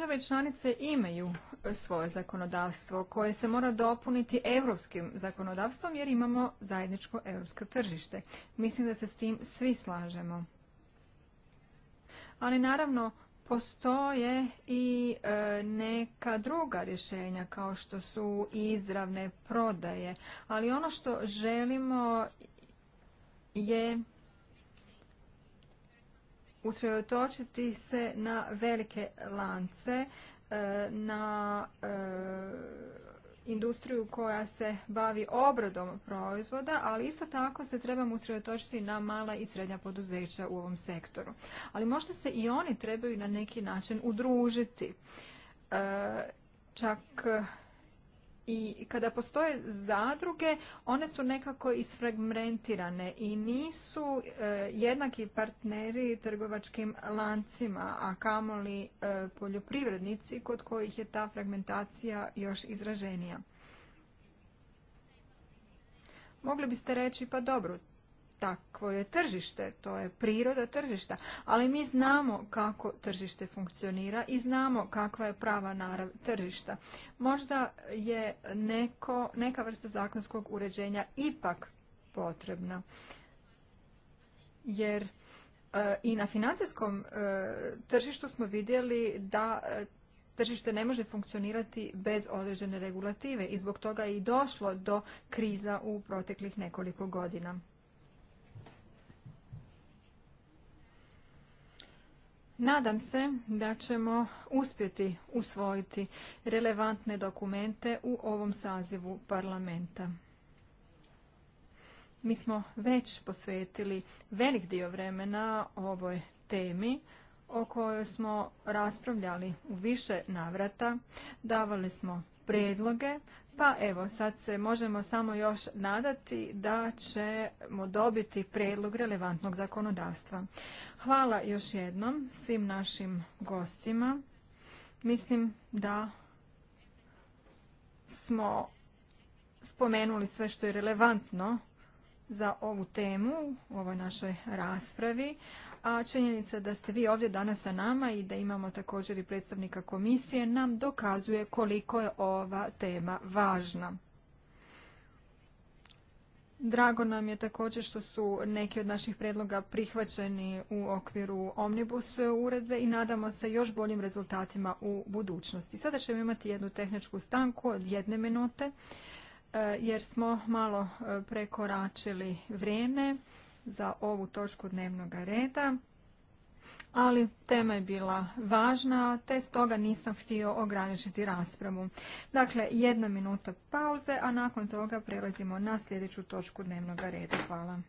države članice imaju e, svoje zakonodavstvo koje se mora dopuniti europskim zakonodavstvom jer imamo zajedničko evropsko tržište. Mislim da se s tim svi slažemo. Ali naravno postoje i e, neka druga rješenja kao što su izravne prodaje, ali ono što želimo je usredotočiti se na velike lance, e, na e, industriju koja se bavi obradom proizvoda, ali isto tako se trebamo usredotočiti na mala i srednja poduzeća u ovom sektoru. Ali možda se i oni trebaju na neki način udružiti. E, čak i kada postoje zadruge, one su nekako isfragmentirane i nisu e, jednaki partneri trgovačkim lancima, a kamoli e, poljoprivrednici kod kojih je ta fragmentacija još izraženija. Mogli biste reći, pa dobro, takvo je tržište, to je priroda tržišta, ali mi znamo kako tržište funkcionira i znamo kakva je prava narav tržišta. Možda je neko, neka vrsta zakonskog uređenja ipak potrebna, jer e, i na financijskom e, tržištu smo vidjeli da e, tržište ne može funkcionirati bez određene regulative i zbog toga je i došlo do kriza u proteklih nekoliko godina. Nadam se da ćemo uspjeti usvojiti relevantne dokumente u ovom sazivu parlamenta. Mi smo već posvetili velik dio vremena ovoj temi o kojoj smo raspravljali u više navrata, davali smo predloge. Pa evo, sad se možemo samo još nadati da ćemo dobiti predlog relevantnog zakonodavstva. Hvala još jednom svim našim gostima. Mislim da smo spomenuli sve što je relevantno za ovu temu u ovoj našoj raspravi a činjenica da ste vi ovdje danas sa nama i da imamo također i predstavnika komisije nam dokazuje koliko je ova tema važna. Drago nam je također što su neki od naših predloga prihvaćeni u okviru Omnibus uredbe i nadamo se još boljim rezultatima u budućnosti. Sada ćemo imati jednu tehničku stanku od jedne minute e, jer smo malo e, prekoračili vrijeme za ovu točku dnevnog reda, ali tema je bila važna, te stoga nisam htio ograničiti raspravu. Dakle, jedna minuta pauze, a nakon toga prelazimo na sljedeću točku dnevnog reda. Hvala.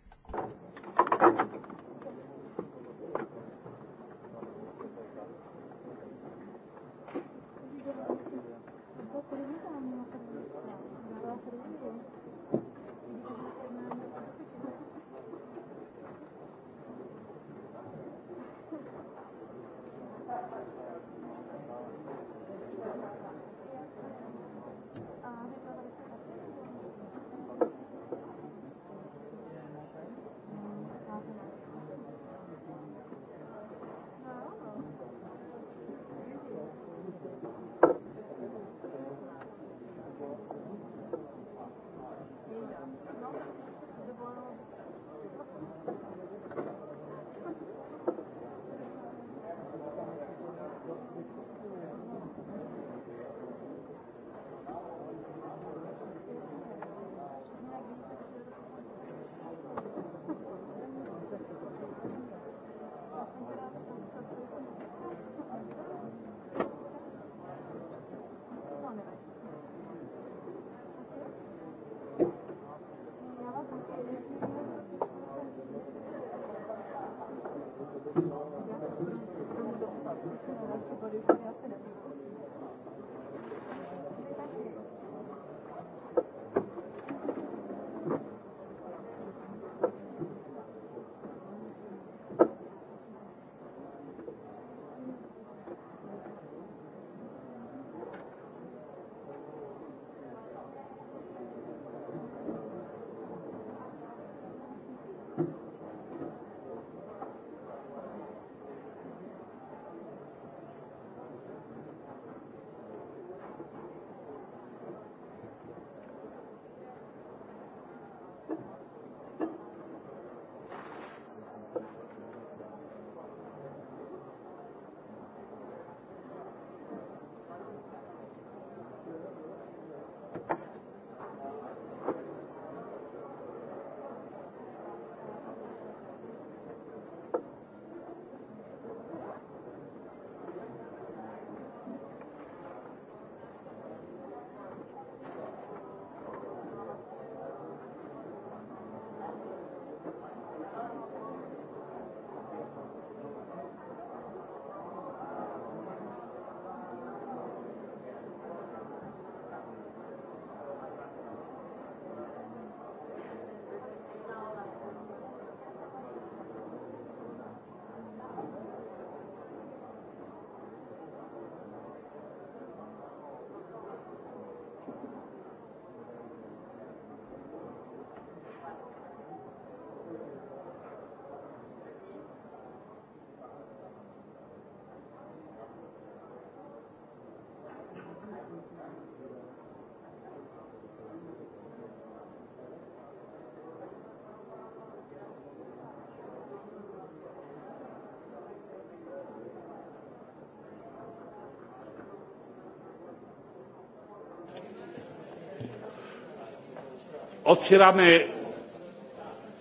Otwieramy,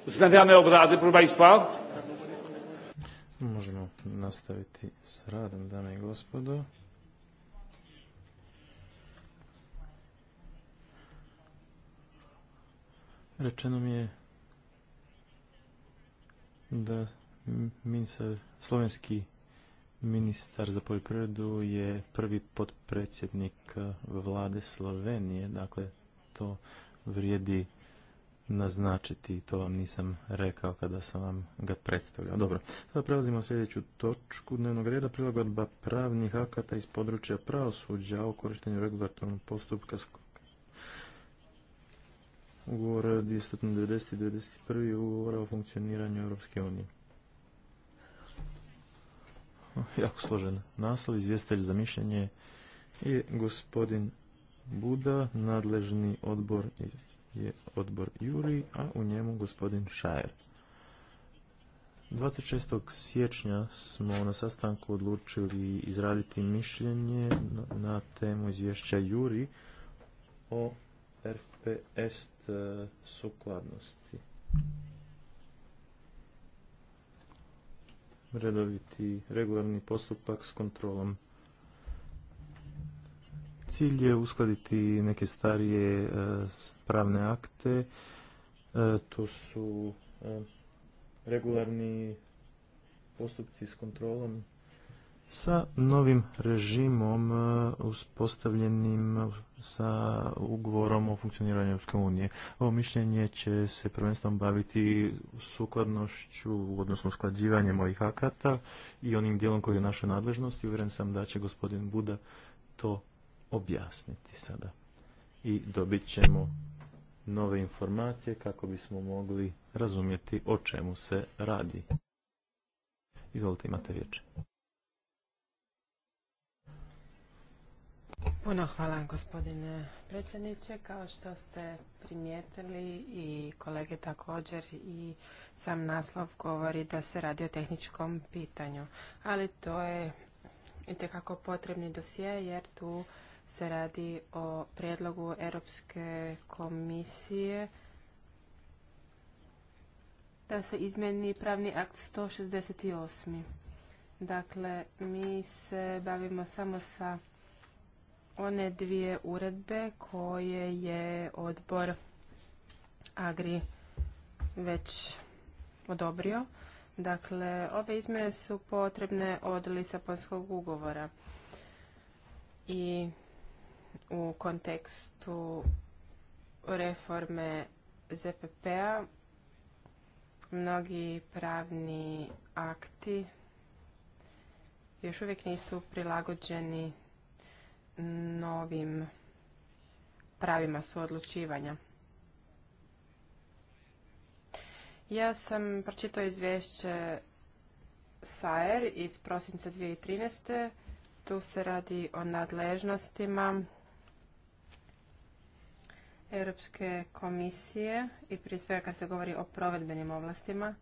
znawiamy obrady, proszę Państwa. Možemo nastaviti s radom, dame i gospodo. Rečeno mi je da ministar, slovenski ministar za poljoprivredu je prvi potpredsjednik vlade Slovenije, dakle to vrijedi naznačiti, to vam nisam rekao kada sam vam ga predstavljao. Dobro, sada prelazimo u sljedeću točku dnevnog reda, prilagodba pravnih akata iz područja pravosuđa o korištenju regulatornog postupka ugovor 290. i 91. ugovora o funkcioniranju Europske unije. Jako složen naslov, izvjestelj za mišljenje i gospodin Buda, nadležni odbor je odbor Juri, a u njemu gospodin Šajer. 26. siječnja smo na sastanku odlučili izraditi mišljenje na temu izvješća Juri o RPS e, sukladnosti. Redoviti regularni postupak s kontrolom Cilj je uskladiti neke starije e, pravne akte, e, to su e, regularni postupci s kontrolom sa novim režimom uspostavljenim sa ugovorom o funkcioniranju Europske unije. Ovo mišljenje će se prvenstveno baviti sukladnošću, odnosno usklađivanjem ovih akata i onim dijelom koji je u našoj nadležnosti. Uvjeren sam da će gospodin Buda to objasniti sada. I dobit ćemo nove informacije kako bismo mogli razumjeti o čemu se radi. Izvolite, imate riječ. Puno hvala gospodine predsjedniče. Kao što ste primijetili i kolege također i sam naslov govori da se radi o tehničkom pitanju. Ali to je itekako potrebni dosije jer tu se radi o prijedlogu Europske komisije da se izmeni pravni akt 168. Dakle, mi se bavimo samo sa one dvije uredbe koje je odbor Agri već odobrio. Dakle, ove izmjene su potrebne od Lisaponskog ugovora. I u kontekstu reforme ZPP-a. Mnogi pravni akti još uvijek nisu prilagođeni novim pravima suodlučivanja. Ja sam pročitao izvješće SAER iz prosinca 2013. Tu se radi o nadležnostima Europske komisije i prije svega kad se govori o provedbenim ovlastima.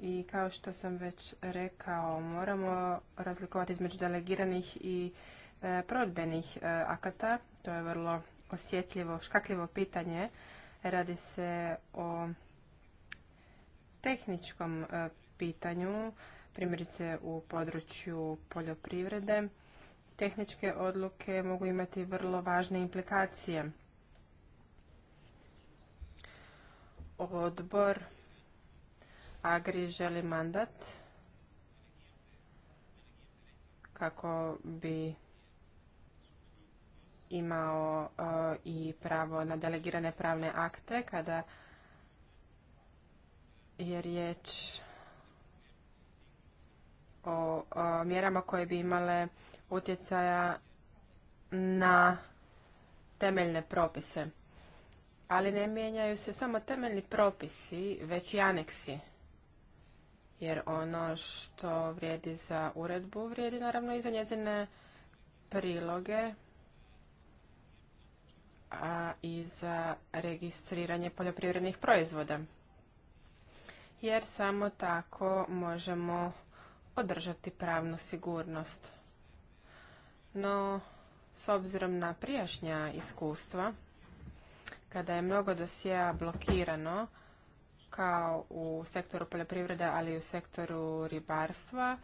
I kao što sam već rekao, moramo razlikovati između delegiranih i e, provedbenih e, akata. To je vrlo osjetljivo, škakljivo pitanje. Radi se o tehničkom e, pitanju, primjerice u području poljoprivrede tehničke odluke mogu imati vrlo važne implikacije. Odbor Agri želi mandat kako bi imao e, i pravo na delegirane pravne akte kada je riječ o e, mjerama koje bi imale utjecaja na temeljne propise. Ali ne mijenjaju se samo temeljni propisi, već i aneksi. Jer ono što vrijedi za uredbu, vrijedi naravno i za njezine priloge, a i za registriranje poljoprivrednih proizvoda. Jer samo tako možemo održati pravnu sigurnost. No, s obzirom na prijašnja iskustva, kada je mnogo dosjea blokirano, kao u sektoru poljoprivreda, ali i u sektoru ribarstva,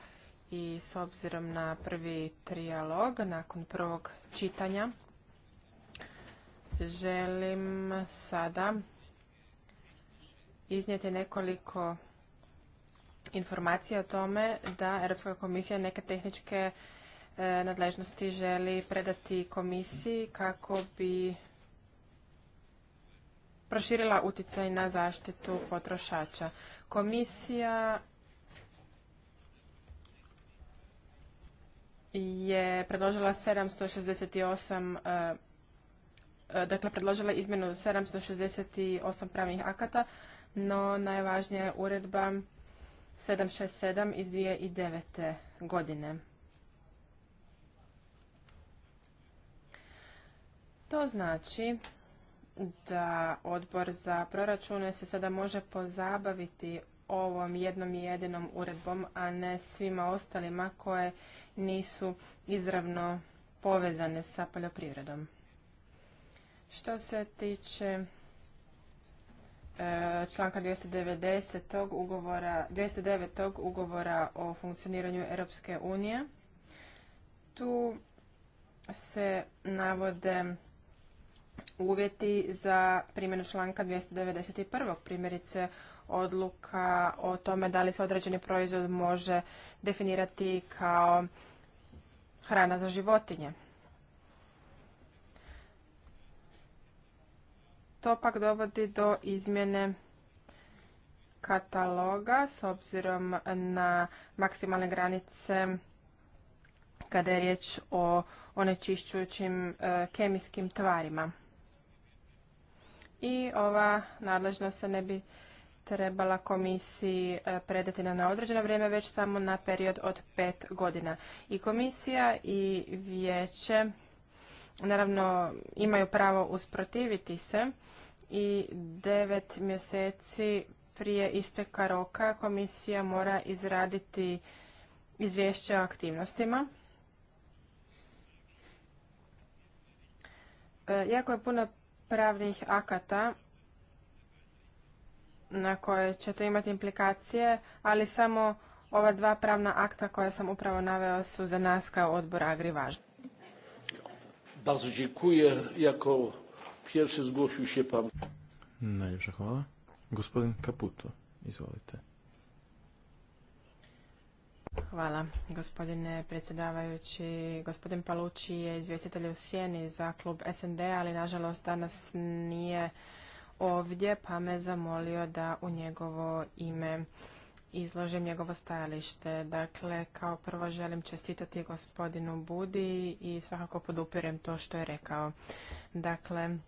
i s obzirom na prvi trijalog nakon prvog čitanja, želim sada iznijeti nekoliko informacija o tome da Europska komisija neke tehničke E, nadležnosti želi predati komisiji kako bi proširila utjecaj na zaštitu potrošača. Komisija je predložila 768 e, e, dakle predložila izmjenu 768 pravnih akata, no najvažnija je uredba 767 iz 2009. godine. To znači da odbor za proračune se sada može pozabaviti ovom jednom i jedinom uredbom, a ne svima ostalima koje nisu izravno povezane sa poljoprivredom. Što se tiče e, članka 290. ugovora 209. ugovora o funkcioniranju Europske unije. Tu se navode uvjeti za primjenu članka 291. primjerice odluka o tome da li se određeni proizvod može definirati kao hrana za životinje. To pak dovodi do izmjene kataloga s obzirom na maksimalne granice kada je riječ o onečišćujućim e, kemijskim tvarima i ova nadležnost se ne bi trebala komisiji e, predati na određeno vrijeme, već samo na period od pet godina. I komisija i vijeće naravno imaju pravo usprotiviti se i devet mjeseci prije isteka roka komisija mora izraditi izvješće o aktivnostima. E, jako je puno pravnih akata na koje će to imati implikacije, ali samo ova dva pravna akta koja sam upravo naveo su za nas kao odbor Agri važni. Bardzo dziękuję. Jako pierwszy zgłosił się pan. Najlepsza hvala. Gospodin Kaputo, izvolite. Hvala, gospodine predsjedavajući. Gospodin Palući je izvjestitelj u Sjeni za klub SND, ali nažalost danas nije ovdje, pa me zamolio da u njegovo ime izložim njegovo stajalište. Dakle, kao prvo želim čestitati gospodinu Budi i svakako podupirem to što je rekao. Dakle,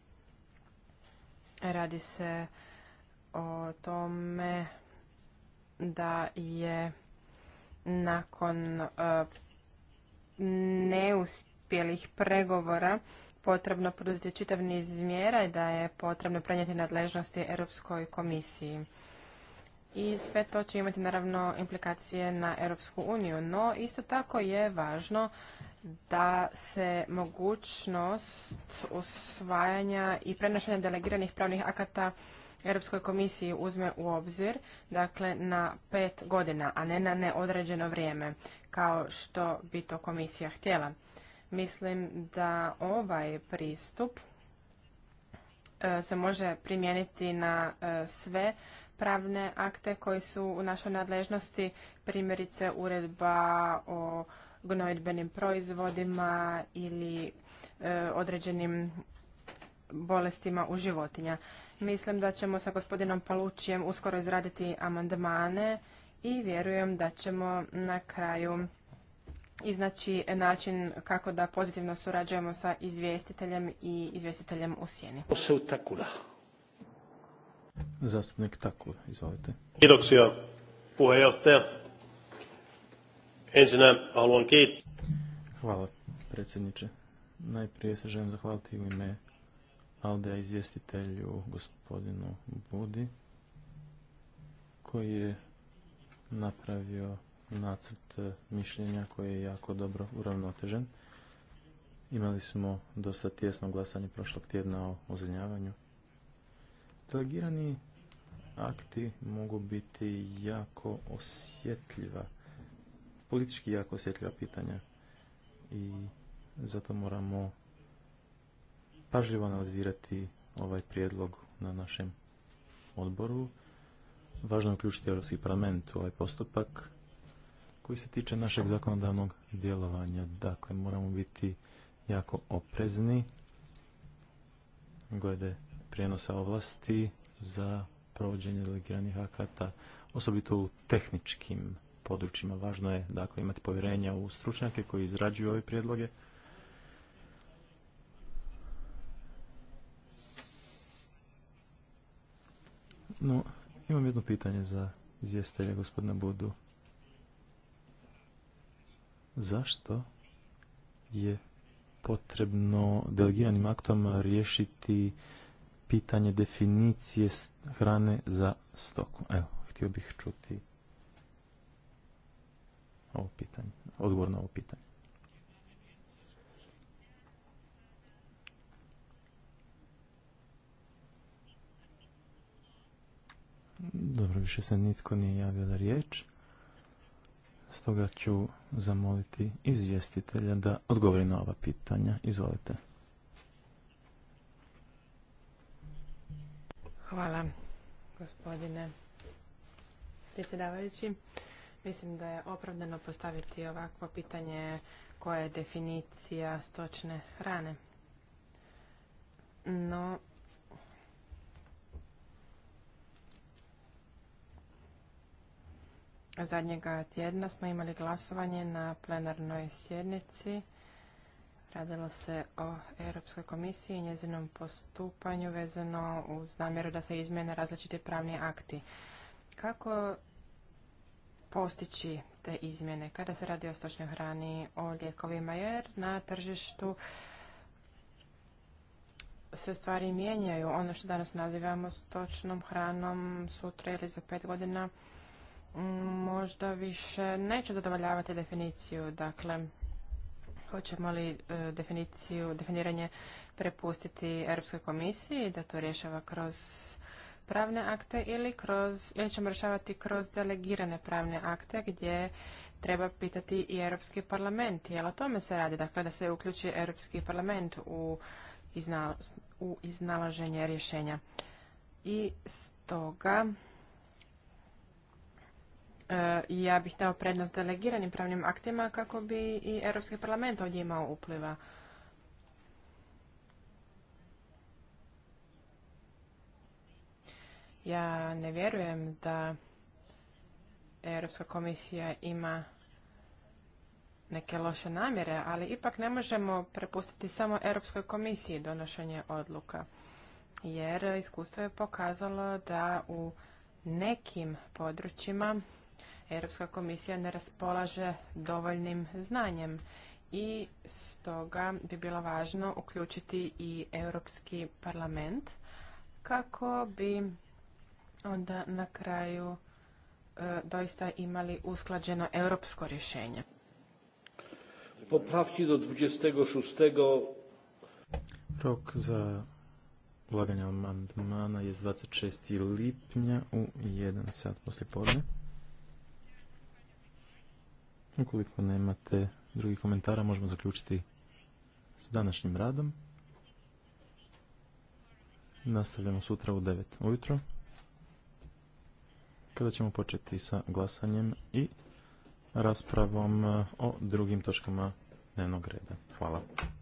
radi se o tome da je nakon eh, neuspjelih pregovora potrebno poduzeti čitav niz mjera i da je potrebno prenijeti nadležnosti Europskoj komisiji. I sve to će imati naravno implikacije na Europsku uniju, no isto tako je važno da se mogućnost usvajanja i prenošenja delegiranih pravnih akata Europskoj komisiji uzme u obzir, dakle na pet godina, a ne na neodređeno vrijeme, kao što bi to komisija htjela. Mislim da ovaj pristup e, se može primijeniti na e, sve pravne akte koji su u našoj nadležnosti, primjerice uredba o gnojidbenim proizvodima ili e, određenim bolestima u životinja. Mislim da ćemo sa gospodinom Palučijem uskoro izraditi amandmane i vjerujem da ćemo na kraju iznaći način kako da pozitivno surađujemo sa izvjestiteljem i izvjestiteljem u sjeni. Zastupnik Takula, izvolite. Kiitoksia puheenjohtaja. Ensinnä haluan kiittää. Hvala predsjedniče. Najprije se želim zahvaliti u ime je izvjestitelju gospodinu Budi koji je napravio nacrt mišljenja koji je jako dobro uravnotežen. Imali smo dosta tjesno glasanje prošlog tjedna o ozenjavanju. Delegirani akti mogu biti jako osjetljiva, politički jako osjetljiva pitanja i zato moramo pažljivo analizirati ovaj prijedlog na našem odboru. Važno je uključiti Europski parlament u ovaj postupak koji se tiče našeg zakonodavnog djelovanja. Dakle, moramo biti jako oprezni glede prijenosa ovlasti za provođenje delegiranih akata, osobito u tehničkim područjima. Važno je dakle imati povjerenja u stručnjake koji izrađuju ove prijedloge. No, imam jedno pitanje za izvjestelja gospodine Budu. Zašto je potrebno delegiranim aktom riješiti pitanje definicije hrane za stoku? Evo, htio bih čuti ovo pitanje, odgovor na ovo pitanje. Dobro, više se nitko nije javio za riječ. Stoga ću zamoliti izvjestitelja da odgovori na ova pitanja. Izvolite. Hvala, gospodine predsjedavajući. Mislim da je opravdano postaviti ovakvo pitanje koja je definicija stočne hrane. No, Zadnjega tjedna smo imali glasovanje na plenarnoj sjednici. Radilo se o Europskoj komisiji i njezinom postupanju vezano uz namjeru da se izmjene različiti pravni akti. Kako postići te izmjene kada se radi o stočnoj hrani, o lijekovima, jer na tržištu se stvari mijenjaju. Ono što danas nazivamo stočnom hranom sutra ili za pet godina možda više neće zadovoljavati definiciju. Dakle, hoćemo li e, definiciju, definiranje prepustiti Europskoj komisiji da to rješava kroz pravne akte ili kroz, ili ćemo rješavati kroz delegirane pravne akte gdje treba pitati i Europski parlament. Jel o tome se radi, dakle da se uključi Europski parlament u, iznala, u iznalaženje rješenja. I stoga E, ja bih dao prednost delegiranim pravnim aktima kako bi i Europski parlament ovdje imao upliva. Ja ne vjerujem da Europska komisija ima neke loše namjere, ali ipak ne možemo prepustiti samo Europskoj komisiji donošenje odluka. Jer iskustvo je pokazalo da u nekim područjima Europska komisija ne raspolaže dovoljnim znanjem i stoga bi bilo važno uključiti i Europski parlament kako bi onda na kraju e, doista imali usklađeno europsko rješenje. Popravki do 26. Rok za ulaganje amandmana je 26. lipnja u 1 sat poslije podne. Ukoliko nemate drugih komentara, možemo zaključiti s današnjim radom. Nastavljamo sutra u 9 ujutro, kada ćemo početi sa glasanjem i raspravom o drugim točkama dnevnog reda. Hvala.